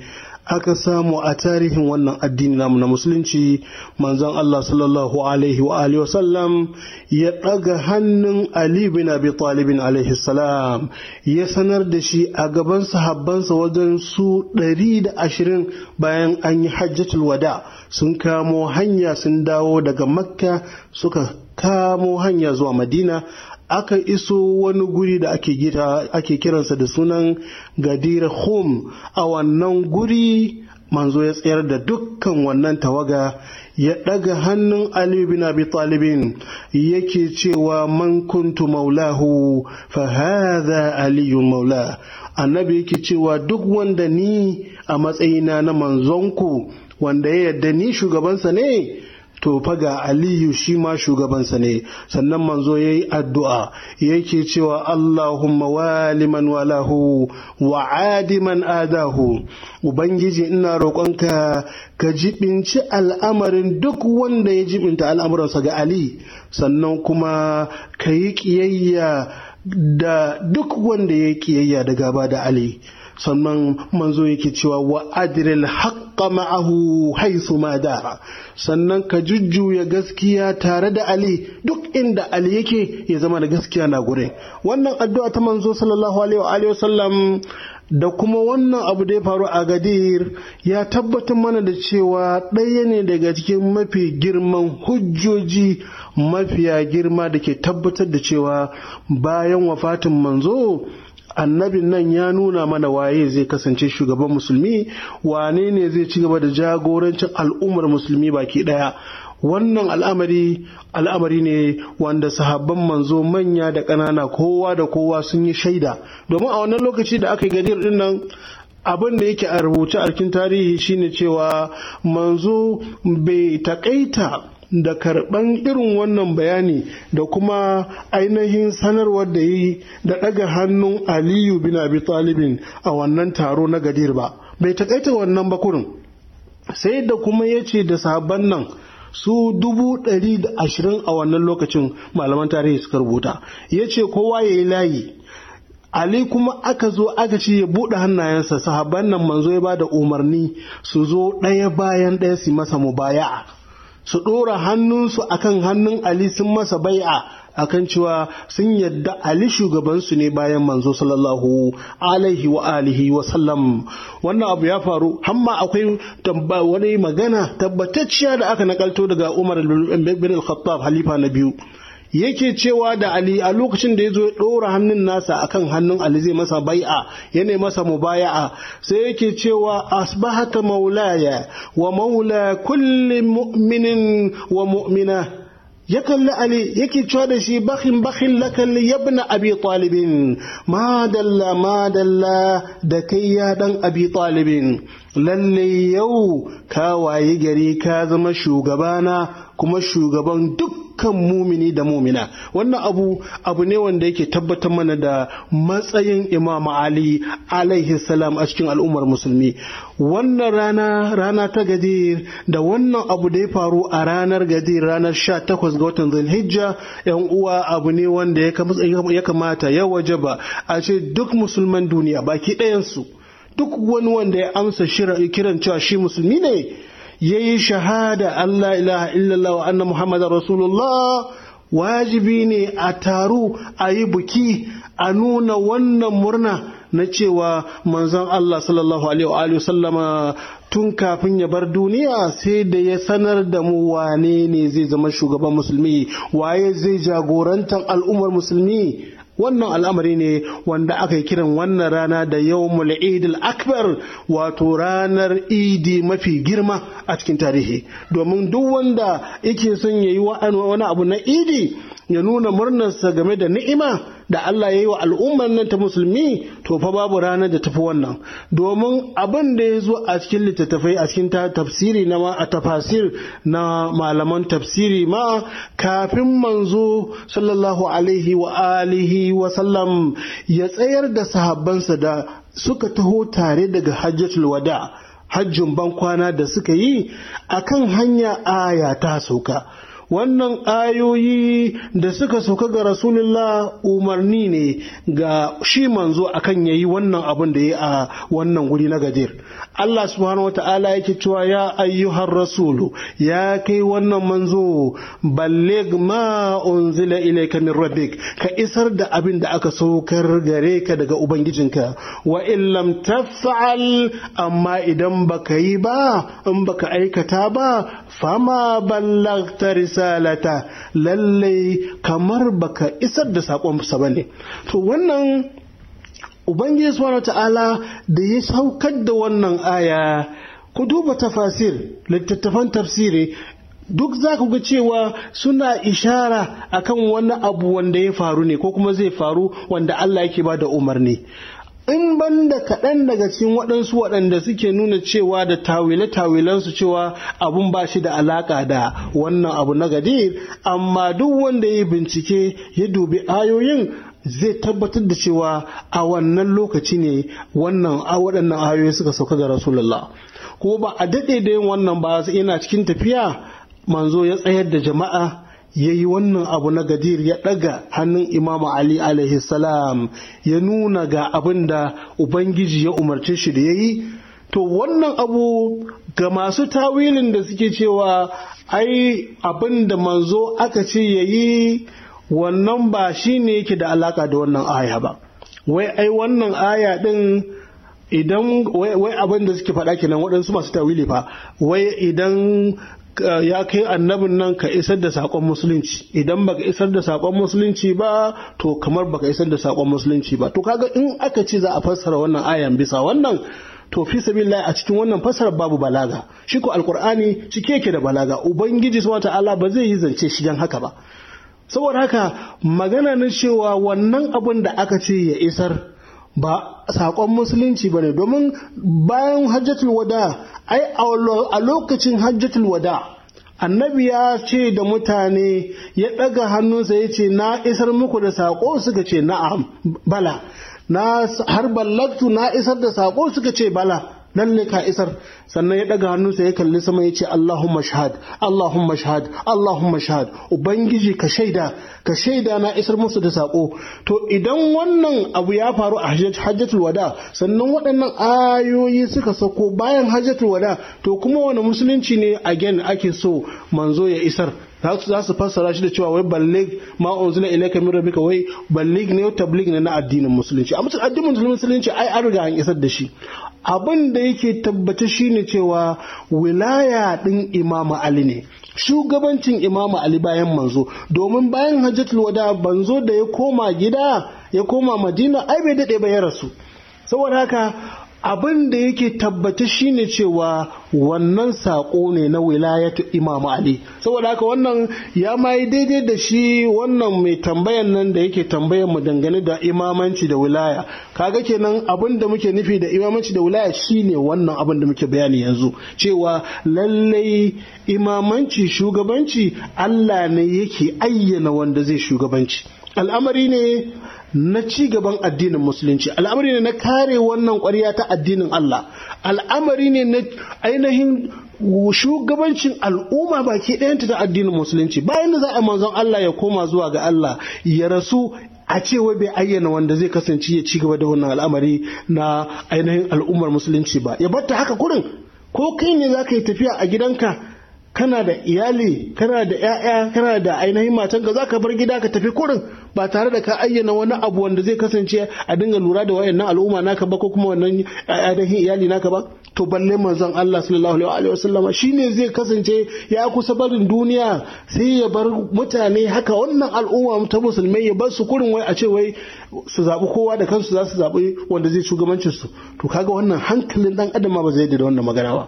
Speaker 5: Haka samu a tarihin wannan addini namu na musulunci manzon Allah sallallahu alaihi wa alihi wasallam ya ɗaga hannun Ali bin Abi Talib alaihi salam ya sanar da shi a gaban sahabbansa wajen su ɗari da ashirin bayan an yi hajjatul wada sun kamo hanya sun dawo daga Makka suka kamo hanya zuwa Madina aka iso wani guri da ake, gita ake kiransa da sunan gadir hum a wannan guri manzo ya tsayar da dukkan wannan tawaga ya ɗaga hannun Ali bin Abi Talibin yake cewa man kuntu maulahu fa hadha aliyu maula annabi yake cewa duk wanda ni a matsayina na manzonku wanda ya yarda ni shugabansa ne to fa ga aliyu shi ma shugabansa ne sannan manzo ya yi addu'a yake cewa allahumma waliman walahu wa adiman adahu ubangiji ina roƙonka ka jibinci al'amarin duk wanda ya jibinta al'amuransa ga ali sannan kuma ka yi ƙiyayya da duk wanda ya ƙiyayya da gaba da ali sannan manzo yake cewa wa adril haqqa ma'ahu haythu ma dara sannan ka jujjuya gaskiya tare da ali duk inda ali yake ya zama da gaskiya na gure wannan addu'a ta manzo sallallahu alaihi wa wasallam da kuma wannan abu da ya faru a gadir ya tabbatar mana da cewa ɗaya ne daga cikin mafi girman hujjoji mafiya girma da ke tabbatar da cewa bayan wafatin manzo annabin nan ya nuna mana waye zai kasance shugaban musulmi wane ne zai ci gaba da jagorancin al'ummar musulmi baki daya wannan al'amari al'amari ne wanda sahabban manzo manya da ƙanana kowa da kowa sun yi shaida domin a wannan lokaci da aka yi gadir din abin da yake a rubuce a tarihi shine cewa manzo bai taƙaita. da karɓan irin wannan bayani da kuma ainihin sanarwar da yi da ɗaga hannun aliyu bin abi talibin a wannan taro na gadir ba bai taƙaita wannan bakurin sai da kuma ya ce da sabon nan su dubu ɗari da ashirin a wannan lokacin malaman tarihi suka rubuta ya ce kowa ya yi layi Ali kuma aka zo aka ce ya buɗe hannayensa sahabban nan manzo ya ba da umarni su zo ɗaya bayan ɗaya su masa mubaya'a su ɗora hannunsu a kan hannun Ali sun masa bai'a akan cewa sun yadda Ali shugabansu ne bayan manzo sallallahu alaihi wa alihi wa sallam wannan abu ya faru hamma akwai wani magana tabbatacciya da aka nakalto daga Umar bin Al-Khattab halifa na biyu yake cewa da Ali a lokacin da ya zo ya ɗora hannun nasa a kan hannun Ali zai masa bai'a yana masa mubaya'a sai yake cewa asbahata maulaya wa maula kulli mu'minin wa mu'mina ya kalli Ali yake cewa da shi bakin bakin lakalli yabna abi talibin madalla madalla da kai ya dan abi talibin lalle yau ka waye gari ka zama shugabana kuma shugaban duk dukkan mumini da mumina wannan abu abu ne wanda yake tabbatar mana da matsayin imam ali alaihi salam a cikin al'ummar musulmi wannan rana rana ta gadir da wannan abu da ya faru a ranar gadir ranar 18 ga watan zulhijja yan uwa abu ne wanda ya kamata ya wajaba a ce duk musulman duniya baki ɗayansu duk wani wanda ya amsa kiran cewa shi musulmi ne yayi shahada Allah ilaha illallah wa anna muhammadar rasulullah wajibi ne a taru a yi buki a nuna wannan murna na cewa manzon Allah sallallahu alaihi wa sallama tun kafin ya bar duniya sai da ya sanar da mu wane ne zai zama shugaban musulmi waye zai jagorantar al'ummar musulmi wannan al'amari ne wanda aka yi kiran wannan rana da yau idil akbar wato ranar idi mafi girma a cikin tarihi domin duk wanda yake son yayi wani abu na idi ya nuna murnarsa game da ni'ima da Allah ya yi wa al'ummar nan ta musulmi to fa babu ranar da tafi wannan domin abin da ya zo a cikin littattafai a cikin tafsiri na a tafasir na malaman tafsiri ma kafin manzo sallallahu alaihi wa alihi wa sallam ya tsayar da sahabbansa da suka taho tare daga hajjatul wada hajjin bankwana da suka yi akan hanya aya ta sauka wannan ayoyi da suka sauka ga rasulullah umarni ne ga shi manzo akan yayi wannan abin da ya a wannan guri na gajir Allah subhanahu wa ta'ala yake cewa ya ayyuhar rasulu ya kai wannan manzo balleg ma unzila ilayka min rabbik ka isar da abin da aka saukar gare ka daga ubangijinka wa in taf'al amma idan baka yi ba in baka aikata ba fama ballagta risalata lallai kamar baka isar da sakon ba ne to wannan ubangiji subhanahu ta'ala da ya saukar da wannan aya ku duba tafasir littattafan tafsiri duk za ku ga cewa suna ishara akan wani abu wanda ya faru ne ko kuma zai faru wanda Allah yake ba da umarni in ban da kaɗan daga cikin waɗansu waɗanda suke nuna cewa da tawile-tawilensu cewa abun ba shi da alaƙa da wannan abu na gadir amma duk wanda ya yi bincike ya dubi ayoyin zai tabbatar da cewa a wannan lokaci ne wannan waɗannan ayoyi suka sauka ga rasulullah ko ba a daɗe da yin wannan ba ina cikin tafiya manzo ya tsayar da jama'a ya yi wannan abu na gadir ya ɗaga hannun imamu ali alaihi salam ya nuna ga abin da ubangiji ya umarci shi da ya yi to wannan abu ga masu tawilin da suke cewa ai abin da manzo aka ce ya yi wannan ba shi ne yake da alaka da wannan aya ba wai ai wannan aya ɗin idan wai abin da suke faɗa kenan waɗansu masu tawili fa wai idan ya kai annabin nan ka isar da sakon musulunci idan baka isar da sakon musulunci ba to kamar baka isar da sakon musulunci ba to kaga in aka ce za a fassara wannan ayan bisa wannan to fi sabilillah a cikin wannan fassarar babu balaga shi ko alqur'ani cike yake da balaga ubangiji subhanahu ta'ala ba zai yi zance shi dan haka ba saboda haka magana na cewa wannan abin da aka ce ya isar ba sakon musulunci ba ne domin bayan hajjatul wada ai a lokacin hajjatul wada annabi ya ce da mutane ya ɗaga hannunsa ya ce na isar muku da saƙo suka ce na'am bala na har ballaktu na isar da saƙo suka ce bala ne ka isar sannan ya daga hannunsa ya kalli sama ya ce Allahumma shahad Allahumma shahad Allahumma shahad ubangiji ka shaida ka shaida na isar musu da sako to idan wannan abu ya faru a hajjatul wada sannan waɗannan ayoyi suka sako bayan hajjatul wada to kuma wani musulunci ne again ake so manzo ya isar za su fassara shi da cewa wai ballig ma unzila ilayka min rabbika wai ballig ne tabligh ne na addinin musulunci a mutum addinin musulunci ai an riga an isar da shi abin da yake tabbata shine cewa wilaya ɗin imamu ali ne shugabancin imamu ali bayan manzo domin bayan hajjatul wada banzo da ya koma gida ya koma madina ai bai daɗe ba ya rasu saboda haka abin da yake tabbata shine cewa wannan saƙo ne na wilayatu imam ali saboda haka wannan ya ma yi daidai da shi wannan mai tambayan nan da yake tambayan mu dangane da imamanci da wilaya kaga kenan abin da muke nufi da imamanci da wilaya shine wannan abin da muke bayani yanzu cewa lallai imamanci shugabanci Allah ne yake ayyana wanda zai shugabanci al'amari ne na ci gaban addinin musulunci al'amari ne na kare wannan ƙwarya ta addinin Allah al'amari ne na ainihin shugabancin al'umma baki ɗayanta ta addinin musulunci bayan da za a manzon Allah ya koma zuwa ga Allah ya rasu a cewa bai ayyana wanda zai kasance ya ci gaba da wannan al'amari na ainihin al'ummar musulunci ba ya batta haka kurin ko kai ne za ka yi tafiya a gidanka kana da iyali kana da 'ya'ya kana da ainihin matan ka zaka bar gida ka tafi kurin ba tare da ka ayyana wani abu wanda zai kasance a dinga lura da wayannan al'umma naka ba ko kuma wannan ainihin iyali naka ba to balle manzon Allah sallallahu alaihi wa sallam shine zai kasance ya kusa barin duniya sai ya bar mutane haka wannan al'umma ta musulmai ya bar su kurin wai a ce wai su zabi kowa da kansu za su zabi wanda zai shugabancin su to kaga wannan hankalin dan adam ba zai da wannan magana ba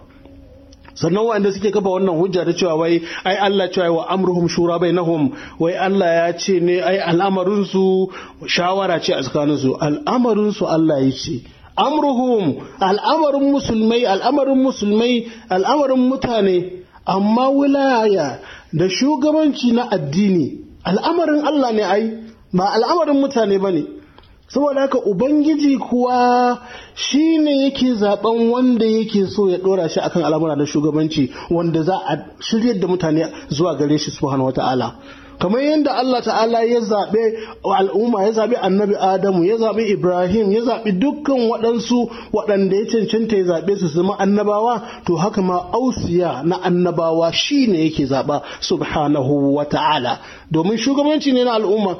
Speaker 5: sannan wa'anda suke kafa wannan hujja da cewa wai ai Allah cewa wa amruhum shura bainahum wai Allah ya ce ne ai al'amarin su shawara ce a tsakanin su al'amarin su Allah ya ce amruhum al'amarin musulmai al'amarin musulmai al'amarin mutane amma wilaya da shugabanci na addini al'amarin Allah ne ai ba al'amarin mutane bane saboda haka ubangiji kuwa shi ne yake zaben wanda yake so ya dora shi akan al'amura na shugabanci wanda za a shiryar da mutane zuwa gare shi subhanahu wata'ala kamar yadda Allah ta'ala ya zaɓe al'umma ya zaɓe annabi Adamu ya zaɓe Ibrahim ya zaɓe dukkan waɗansu waɗanda ya cancanta ya zaɓe su zama annabawa to haka ma ausiya na annabawa shi ne yake zaɓa subhanahu wa ta'ala domin shugabanci ne na al'umma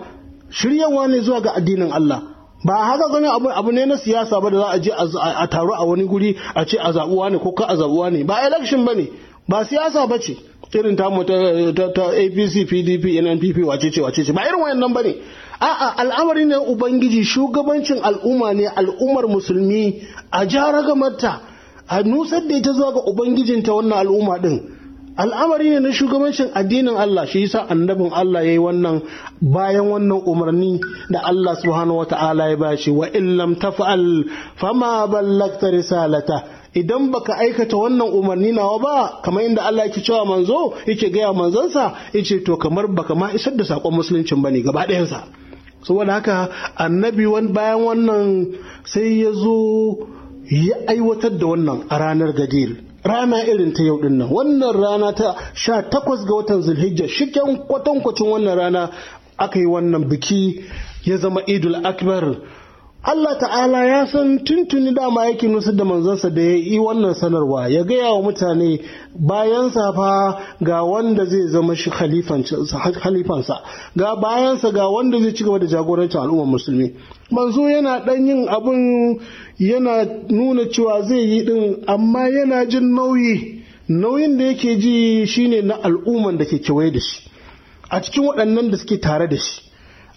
Speaker 5: shiryawa ne zuwa ga addinin Allah ba haka gani abu ne na siyasa ba da za a je a taru a wani guri a ce a zabuwa ne ko ka a zabuwa ne ba election ba ne ba siyasa ba ce irin tamu ta apc pdp nnpp wace ce wace ce ba irin wayannan ba ne a'a al'amari ne ubangiji shugabancin al'umma ne al'ummar musulmi a jaragamarta a nusar da ita zuwa ga ubangijinta wannan al'umma din al'amari ne na shugabancin addinin Allah shi yasa annabin Allah yayi wannan bayan wannan umarni da Allah subhanahu wata'ala ya bashi wa illam taf'al fama ballagta risalata idan baka aikata wannan umarni nawa ba kamar inda Allah yake cewa manzo yake gaya manzonsa yace to kamar baka ma isar da sakon musuluncin bane gaba ɗayansa saboda haka annabi bayan wannan sai ya zo ya aiwatar da wannan a ranar gadil rana irin ta yau dinnan wannan rana ta sha takwas ga watan zulhijja shiken kwatankwacin wannan rana aka yi wannan biki ya zama idul akbar Allah ta'ala ya san tuntuni dama yake nusar da manzansa da ya yi wannan sanarwa ya gaya wa mutane bayan fa ga wanda zai zama shi halifansa ga bayansa ga wanda zai ci gaba da jagorancin al'ummar musulmi manzo yana ɗan yin abun yana nuna cewa zai yi din amma yana jin nauyi nauyin da yake ji shine na al'umman da ke kewaye da shi a cikin waɗannan da suke tare da shi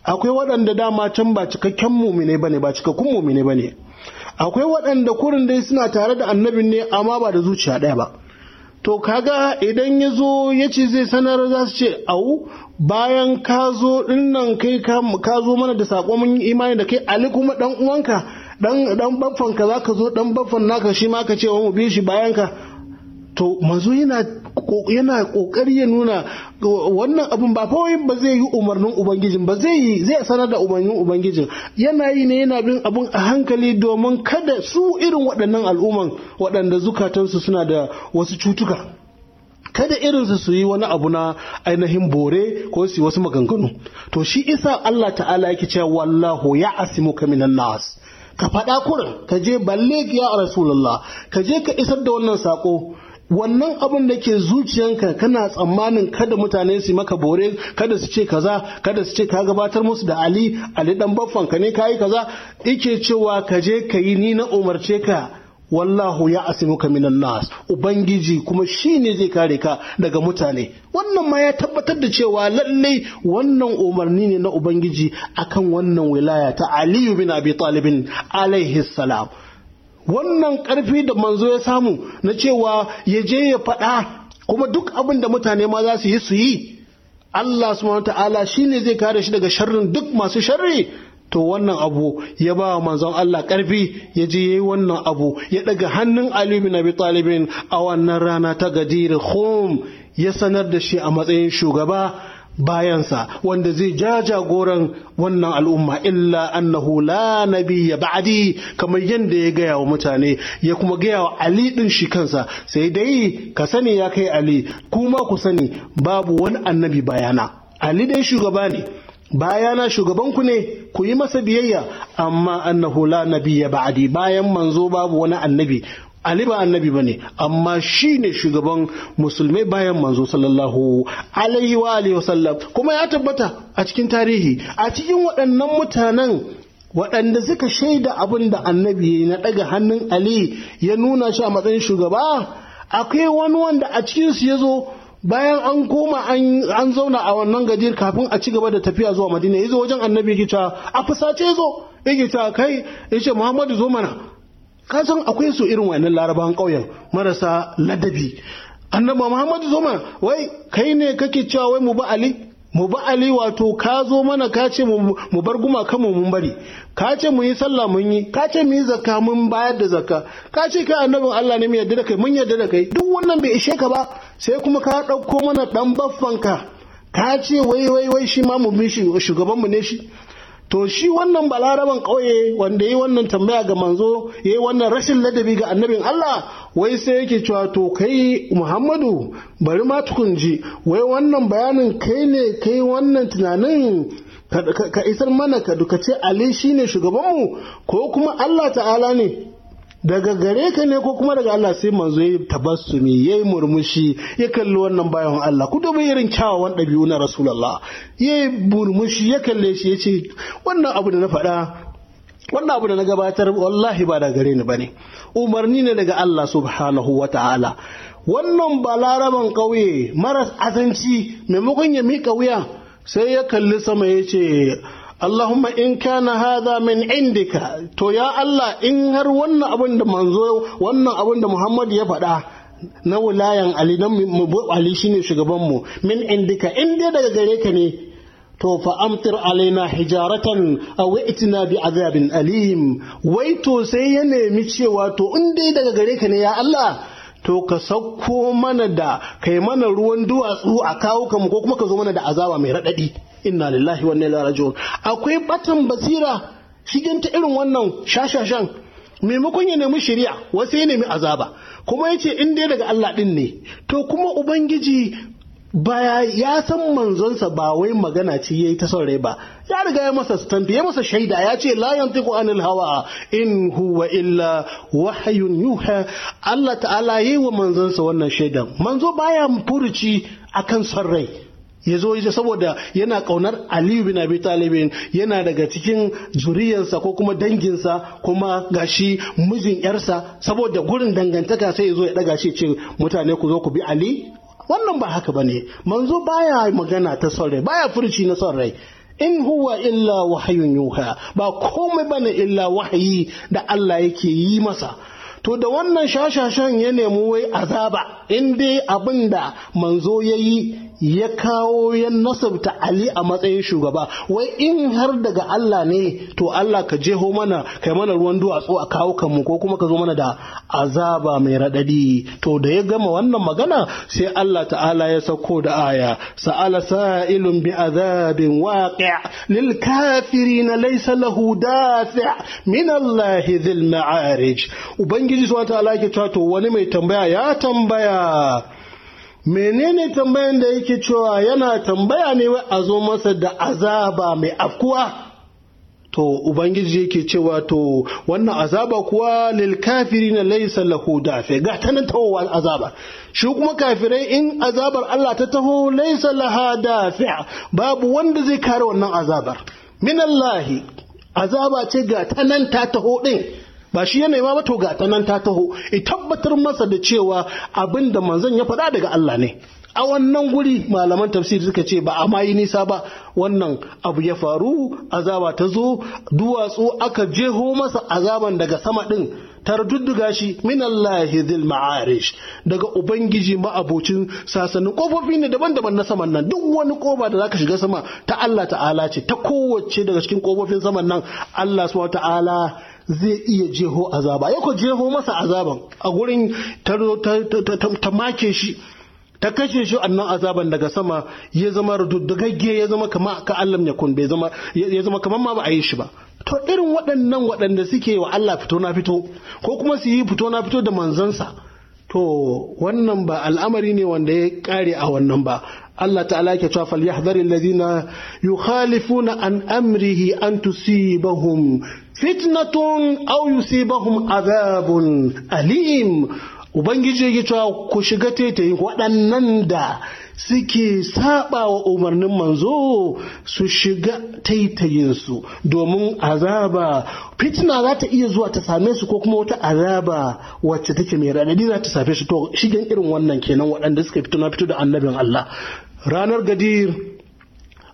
Speaker 5: akwai waɗanda dama can ba cikakken mumine ne ba cikakkun mumine ne. akwai waɗanda kurin dai suna tare da annabin ne amma ba da zuciya ɗaya ba to kaga idan ya zo ya ce zai sanar za su ce au bayan ka zo ɗinnan kai ka zo mana da saƙo mun yi imani da kai ali kuma dan uwanka dan dan baffan ka zaka zo dan baffan naka shi ma ka ce wa mu bi shi bayan ka to manzo yana yana kokari ya nuna wannan abin ba fa ba zai yi umarnin ubangijin ba zai yi zai sanar da umarnin ubangijin yana yi ne yana bin abin a hankali domin kada su irin waɗannan al'umman waɗanda zukatansu suna da wasu cutuka kada irinsu su yi wani abu na ainihin bore ko su yi wasu maganganu to shi isa Allah ta'ala yake cewa wallahu ya asimuka minan nas ka faɗa kurin ka je balle ya rasulullah ka je ka isar da wannan sako wannan abin da ke zuciyanka kana tsammanin kada mutane su maka bore kada su ce kaza kada su ce ka gabatar musu da ali ali dan baffan ka ne kayi kaza Ike cewa ka je ka yi ni na umarce ka wallahu ya asimuka minan nas ubangiji kuma shi ne zai kare ka daga mutane wannan ma ya tabbatar da cewa lalle wannan umarni ne na ubangiji akan wannan wilaya ta aliyu bin abi talibin alaihi salam wannan ƙarfi da manzo ya samu na cewa ya je ya faɗa kuma duk abin da mutane ma za su yi su yi Allah subhanahu ta'ala ne zai kare shi daga sharrin duk masu sharri to wannan abu ya ba wa manzon Allah ƙarfi ya je ya yi wannan abu ya daga hannun Ali bin Abi Talibin a wannan rana ta Gadir Khum ya sanar da shi a matsayin shugaba bayansa wanda zai ja jagoran wannan al'umma illa annahu la ya ba'di kamar yadda ya gaya wa mutane ya kuma gaya wa Ali ɗin shi kansa sai dai ka sani ya kai Ali kuma ku sani babu wani annabi bayana Ali dai shugaba ne bayana shugabanku ne ku yi masa biyayya amma annahu la ya ba'di bayan manzo babu wani annabi Ali ba annabi ba ne amma shi ne shugaban musulmai bayan manzo sallallahu alaihi wa alihi wasallam kuma ya tabbata a cikin tarihi a cikin waɗannan mutanen waɗanda suka shaida abin da annabi na ɗaga hannun Ali ya nuna shi a matsayin shugaba akwai wani wanda a cikinsu ya zo bayan an koma an zauna a wannan gajir kafin a ci gaba da tafiya zuwa madina ya zo wajen annabi ya ce a fusace zo yake kai ya ce muhammadu zo mana kasan akwai su irin wannan larabawan ƙauyen marasa ladabi annaba muhammadu zoma wai kai ne kake cewa wai mu ba ali mu ba ali wato ka zo mana ka ce mu bar gumakan mu mun bari ka ce mu yi sallah mun yi ka ce mu yi zakka mun bayar da zakka ka ce kai annabin Allah ne mu yarda da kai mun yarda da kai duk wannan bai ishe ka ba sai kuma ka ɗauko mana ɗan baffanka ka ce wai wai wai shi ma mu mishi shugaban mu ne shi to shi wannan balaraban ƙauye wanda yi wannan tambaya ga manzo ya yi wannan rashin ladabi ga annabin Allah wai sai yake cewa to kai Muhammadu bari ma tukun ji. wai wannan bayanin kai ne kai wannan tunanin ka isar mana ka dukace Ali shine shugabanmu ko kuma Allah ta'ala ne daga gare ka ne ko kuma daga Allah sai manzo ya tabassumi ya yi murmushi ya kalli wannan bayan Allah ku dubi irin kyawawan ɗabi'u na Rasulullah ya yi murmushi ya kalle shi ya ce wannan abu da na faɗa wannan abu da na gabatar wallahi ba da gare ni ba ne. umarni ne daga Allah subhanahu wa ta'ala wannan ba laraban ƙauye maras azanci maimakon ya miƙa wuya sai ya kalli sama ya ce Allahumma in kana hadha min indika to ya Allah in har wannan abin da manzo wannan abin da Muhammad ya faɗa na wilayan Ali na Ali shine shugaban mu min indika in dai daga gare ka ne to fa amtir alaina hijaratan aw itina bi azabin alim wai to sai ya nemi cewa to in dai daga gare ka ne ya Allah to ka sauko mana da kai mana ruwan duwatsu a kawo mu ko kuma ka zo mana da azaba mai raɗaɗi inna lillahi wa inna ilaihi akwai batan basira shigen ta irin wannan shashashan maimakon ya nemi shari'a wasu ya nemi azaba kuma yace in dai daga Allah din ne to kuma ubangiji baya ya san manzonsa ba wai magana ce yayi ta son rai ba ya riga ya masa stamp ya masa shaida ya ce la yantiqu anil hawa in huwa illa wahyun yuha Allah ta'ala yayi wa manzonsa wannan shaidan manzo baya furuci akan son rai ya zo ya saboda yana kaunar aliyu bin abi talibin yana daga cikin zuriyarsa ko kuma danginsa kuma gashi mijin yarsa saboda gurin dangantaka sai ya zo ya daga shi ce mutane ku zo ku bi ali wannan ba haka bane manzo baya magana ta son baya furci na son in huwa illa wahayun yuha ba komai bane illa wahayi da Allah yake yi masa to da wannan shashashan ya nemi wai azaba in dai abin da manzo ya yi ya kawo ya nasabta Ali a matsayin shugaba wai in har daga Allah ne to Allah ka jeho mana kai mana ruwan duwatsu a kawo kanmu ko kuma ka zo mana da azaba mai raɗaɗi to da ya gama wannan magana sai Allah ta'ala ya sauko da aya sa'ala sa'ilun bi azabin waqi' lil kafirin laysa lahu dafi' min Allah dhil ma'arij ubangiji subhanahu wa ta'ala ke to wani mai tambaya ya tambaya menene tambayan da yake cewa yana tambaya ne wai a zo masa da azaba mai afkuwa to ubangiji yake cewa to wannan azaba kuwa lil na laysa lahu dafi ga tanan tawowa azaba shi kuma kafirai in azabar Allah ta taho laysa laha dafi babu wanda zai kare wannan azabar minallahi azaba ce ga tanan ta taho din ba shi ya nema ba to ga ta nan ta taho i tabbatar masa da cewa abin da manzon ya faɗa daga Allah ne a wannan guri malaman tafsiri suka ce ba a nisa ba wannan abu ya faru azaba ta zo duwatsu aka jeho masa azaban daga sama din tardudduga shi minallahi zil ma'arish daga ubangiji ma'abocin sasanin kofofi ne daban-daban na saman nan duk wani koba da zaka shiga sama ta Allah ta'ala ce ta kowace daga cikin kofofin saman nan Allah subhanahu ta'ala zai iya jeho azaba ya jeho masa azaban a gurin ta make shi ta kashe shi annan azaban daga sama ya zama rududdugagge ya zama kama ka Allah ya kun zama ya zama kamar ma ba a yi shi ba to irin waɗannan waɗanda suke wa Allah fito na fito ko kuma su yi fito na fito da manzansa to wannan ba al'amari ne wanda ya kare a wannan ba Allah ta'ala ke cewa fal yahdhar alladhina yukhalifuna an amrihi an tusibahum fitnatun au yusibahum azabun alim ubangiji yake cewa ku shiga tetayin waɗannan da suke saba wa umarnin manzo su shiga taitayinsu domin azaba fitna za ta iya zuwa ta same su ko kuma wata azaba wacce take mai raɗaɗi za ta safe su to shigen irin wannan kenan waɗanda suka fito na fito da annabin Allah ranar gadir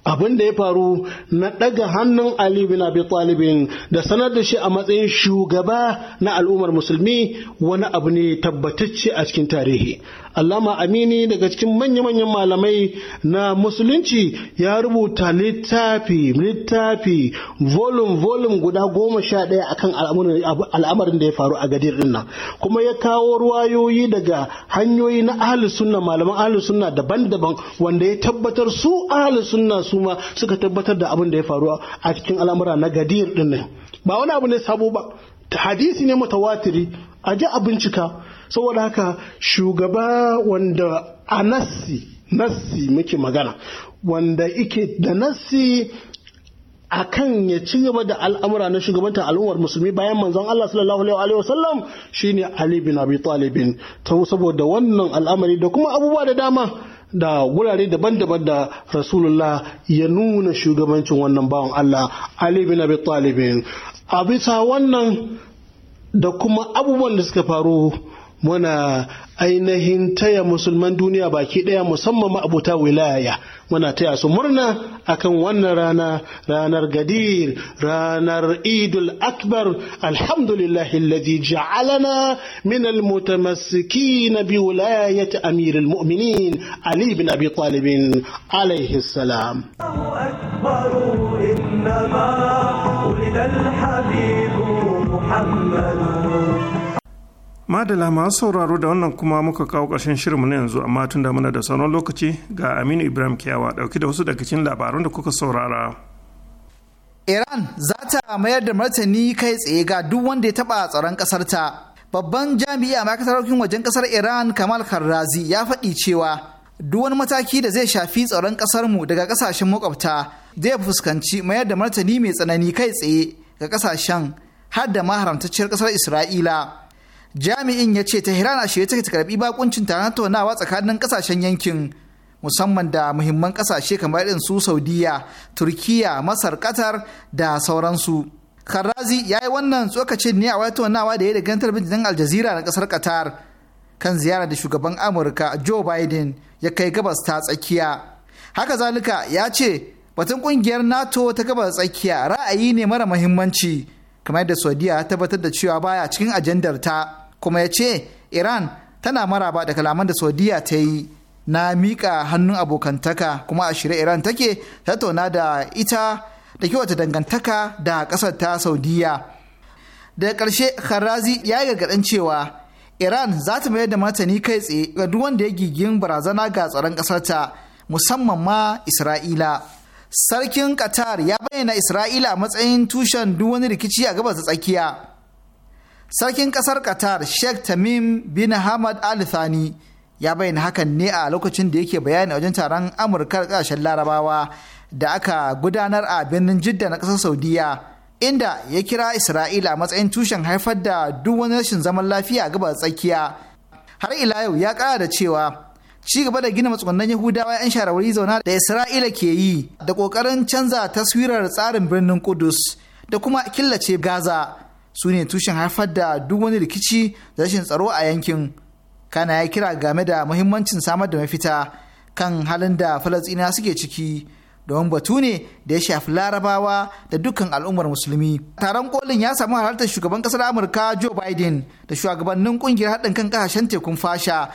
Speaker 5: abin da ya faru na ɗaga hannun Ali bin Abi Talibin da sanar da shi a matsayin shugaba na al'ummar musulmi wani abu ne tabbatacce a cikin tarihi Allama Amini daga cikin manya-manyan malamai na musulunci ya rubuta littafi littafi volum volume guda goma sha ɗaya akan al'amarin da ya faru a gadir ɗin nan kuma ya kawo ruwayoyi daga hanyoyi na ahli sunna malaman ahli sunna daban-daban wanda ya tabbatar su ahli sunna su ma suka tabbatar da abin da ya faru a cikin al'amura na gadir ɗin nan ba wani abu ne sabo ba hadisi ne mutawatiri a ji a bincika saboda haka shugaba wanda a nassi nassi muke magana wanda ike da nassi a kan ya ci gaba da al'amura na shugabantar al'ummar musulmi bayan manzon Allah sallallahu alaihi sallam shine Ali bin Abi Talibin ta saboda wannan al'amari da kuma abubuwa da dama da wurare daban-daban da Rasulullah ya nuna shugabancin wannan bawan Allah Ali bin Abi Talibin a bisa wannan da kuma abubuwan da suka faru muna ainihin taya musulman duniya baki ɗaya musamman ma'abuta wilaya muna taya su murna akan wannan rana ranar gadir ranar idul akbar alhamdulillahi alladhi ja'alana min almutamassikin bi wilayati amir almu'minin ali bin abi talib alayhi salam
Speaker 6: إنما ولد الحبيب محمد
Speaker 1: madala masu sauraro da wannan kuma muka kawo karshen shirinmu na yanzu amma tun da muna da sauran lokaci ga aminu ibrahim kiyawa ɗauki da wasu daga cikin labarun da kuka saurara
Speaker 2: iran za ta mayar da martani kai tsaye ga duk wanda ya taɓa tsaron ƙasar ta babban jami'a a ma'aikatar wajen ƙasar iran kamal karrazi ya faɗi cewa duk wani mataki da zai shafi tsaron ƙasarmu daga ƙasashen makwabta zai fuskanci mayar da martani mai tsanani kai tsaye ga ƙasashen har da ma haramtacciyar ƙasar isra'ila jami'in ya ce tehran a shirye take ta karbi bakuncin taron tattaunawa tsakanin kasashen yankin musamman da muhimman kasashe kamar irin su saudiya turkiya masar qatar da sauransu karrazi ya yi wannan tsokacin ne a wata tattaunawa da ya da gantar binciken aljazira na kasar qatar kan ziyara da shugaban amurka joe biden ya kai gabas ta tsakiya haka zalika ya ce batun kungiyar nato ta gabas tsakiya ra'ayi ne mara muhimmanci kamar yadda saudiya ta tabbatar da cewa baya cikin ajandar ta kuma ya ce iran tana maraba da kalaman da saudiya ta yi na miƙa hannun abokantaka kuma a shirya iran take tattauna da ita da kewata dangantaka da ƙasar ta saudiya daga ƙarshe harazi ya yi gargaɗin cewa iran za ta mayar da martani kai tsaye ga duk wanda ya gigin barazana ga tsaron ƙasarta musamman ma isra'ila sarkin qatar ya bayyana isra'ila a matsayin tushen duk wani rikici a gabas tsakiya sarkin kasar qatar sheikh tamim bin hamad al thani ya bayyana hakan ne a lokacin da yake bayani a wajen taron amurka kasashen larabawa da aka gudanar a birnin jidda na ƙasar saudiya inda ya kira isra'ila matsayin tushen haifar da duk wani rashin zaman lafiya a gabas tsakiya har ila yau ya kara da cewa ci gaba da gina matsugunan yahudawa 'yan sharawari zauna da isra'ila ke yi da kokarin canza taswirar tsarin birnin kudus da kuma killace gaza su ne tushen haifar da duk wani rikici da rashin tsaro a yankin kana ya kira game da muhimmancin samar da mafita kan halin da falastina suke ciki domin batu ne da ya shafi larabawa da dukkan al'ummar musulmi taron kolin ya samu halartar shugaban kasar amurka joe biden da shugabannin kungiyar haɗin kan kasashen tekun fasha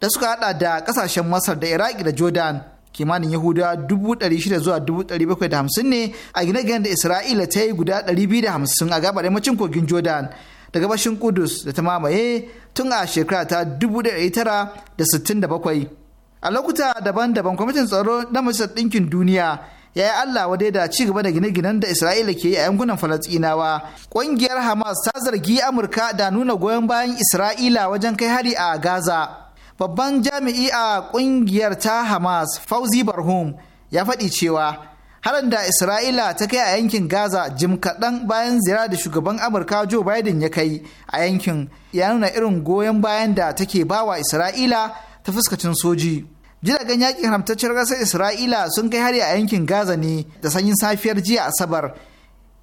Speaker 2: da suka hada da kasashen masar da iraki da jordan kimanin yahuda 600 zuwa 750 ne a gine-ginen da isra'ila ta yi guda 250 a gabar yammacin kogin jordan da gabashin kudus da ta mamaye tun a shekara ta 1967 a lokuta daban-daban kwamitin tsaro na majalisar ɗinkin duniya ya yi allah wadai da ci gaba da gine-ginen da isra'ila ke yi a yankunan falasɗinawa ƙungiyar hamas ta zargi amurka da nuna goyon bayan isra'ila wajen kai hari a gaza babban jami'i a kungiyar ta hamas fauzi barhum ya faɗi cewa harin da isra'ila ta kai a yankin gaza jim kaɗan bayan zira da shugaban amurka joe biden ya kai a yankin ya nuna irin goyon bayan da take bawa isra'ila ta fuskacin soji jiragen yakin haramtaccen ƙasar isra'ila sun kai hari a yankin gaza ne da sanyin safiyar jiya asabar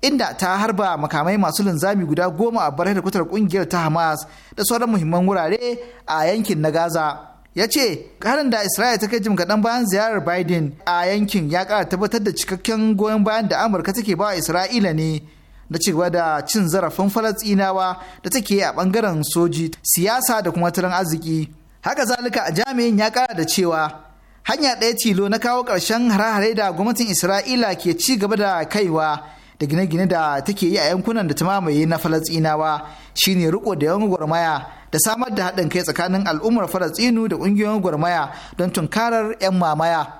Speaker 2: inda ta harba makamai masu linzami guda goma a bar da kutar kungiyar ta hamas da sauran muhimman wurare a yankin na gaza ya ce harin da isra'il ta kai jim kaɗan bayan ziyarar biden a yankin ya ƙara tabbatar da cikakken goyon bayan da amurka take ba isra'ila ne da cigaba da cin zarafin falasɗinawa da take a bangaren soji siyasa da kuma tattalin arziki haka zalika a jami'in ya ƙara da cewa hanya ɗaya tilo na kawo ƙarshen hare-hare da gwamnatin isra'ila ke ci gaba da kaiwa da gine-gine da take yi a yankunan da ta mamaye na shi shine riko da yawan gwarmaya da samar da haɗin kai tsakanin al'ummar falasɗinu da ƙungiyoyin gwarmaya don tunkarar 'yan mamaya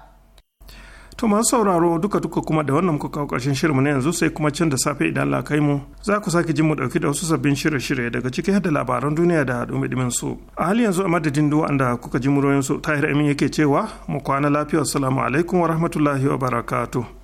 Speaker 1: To masu sauraro duka duka kuma da wannan muka kawo ƙarshen shirin na yanzu sai kuma can da safe idan Allah kai mu za ku sake jin mu ɗauki da wasu sabbin shirye-shirye daga ciki da labaran duniya da haɗu mai su. A hali yanzu a madadin duwa anda kuka ji muroyin su Tahir Amin yake cewa mu kwana lafiya assalamu alaikum wa rahmatullahi wa barakatu.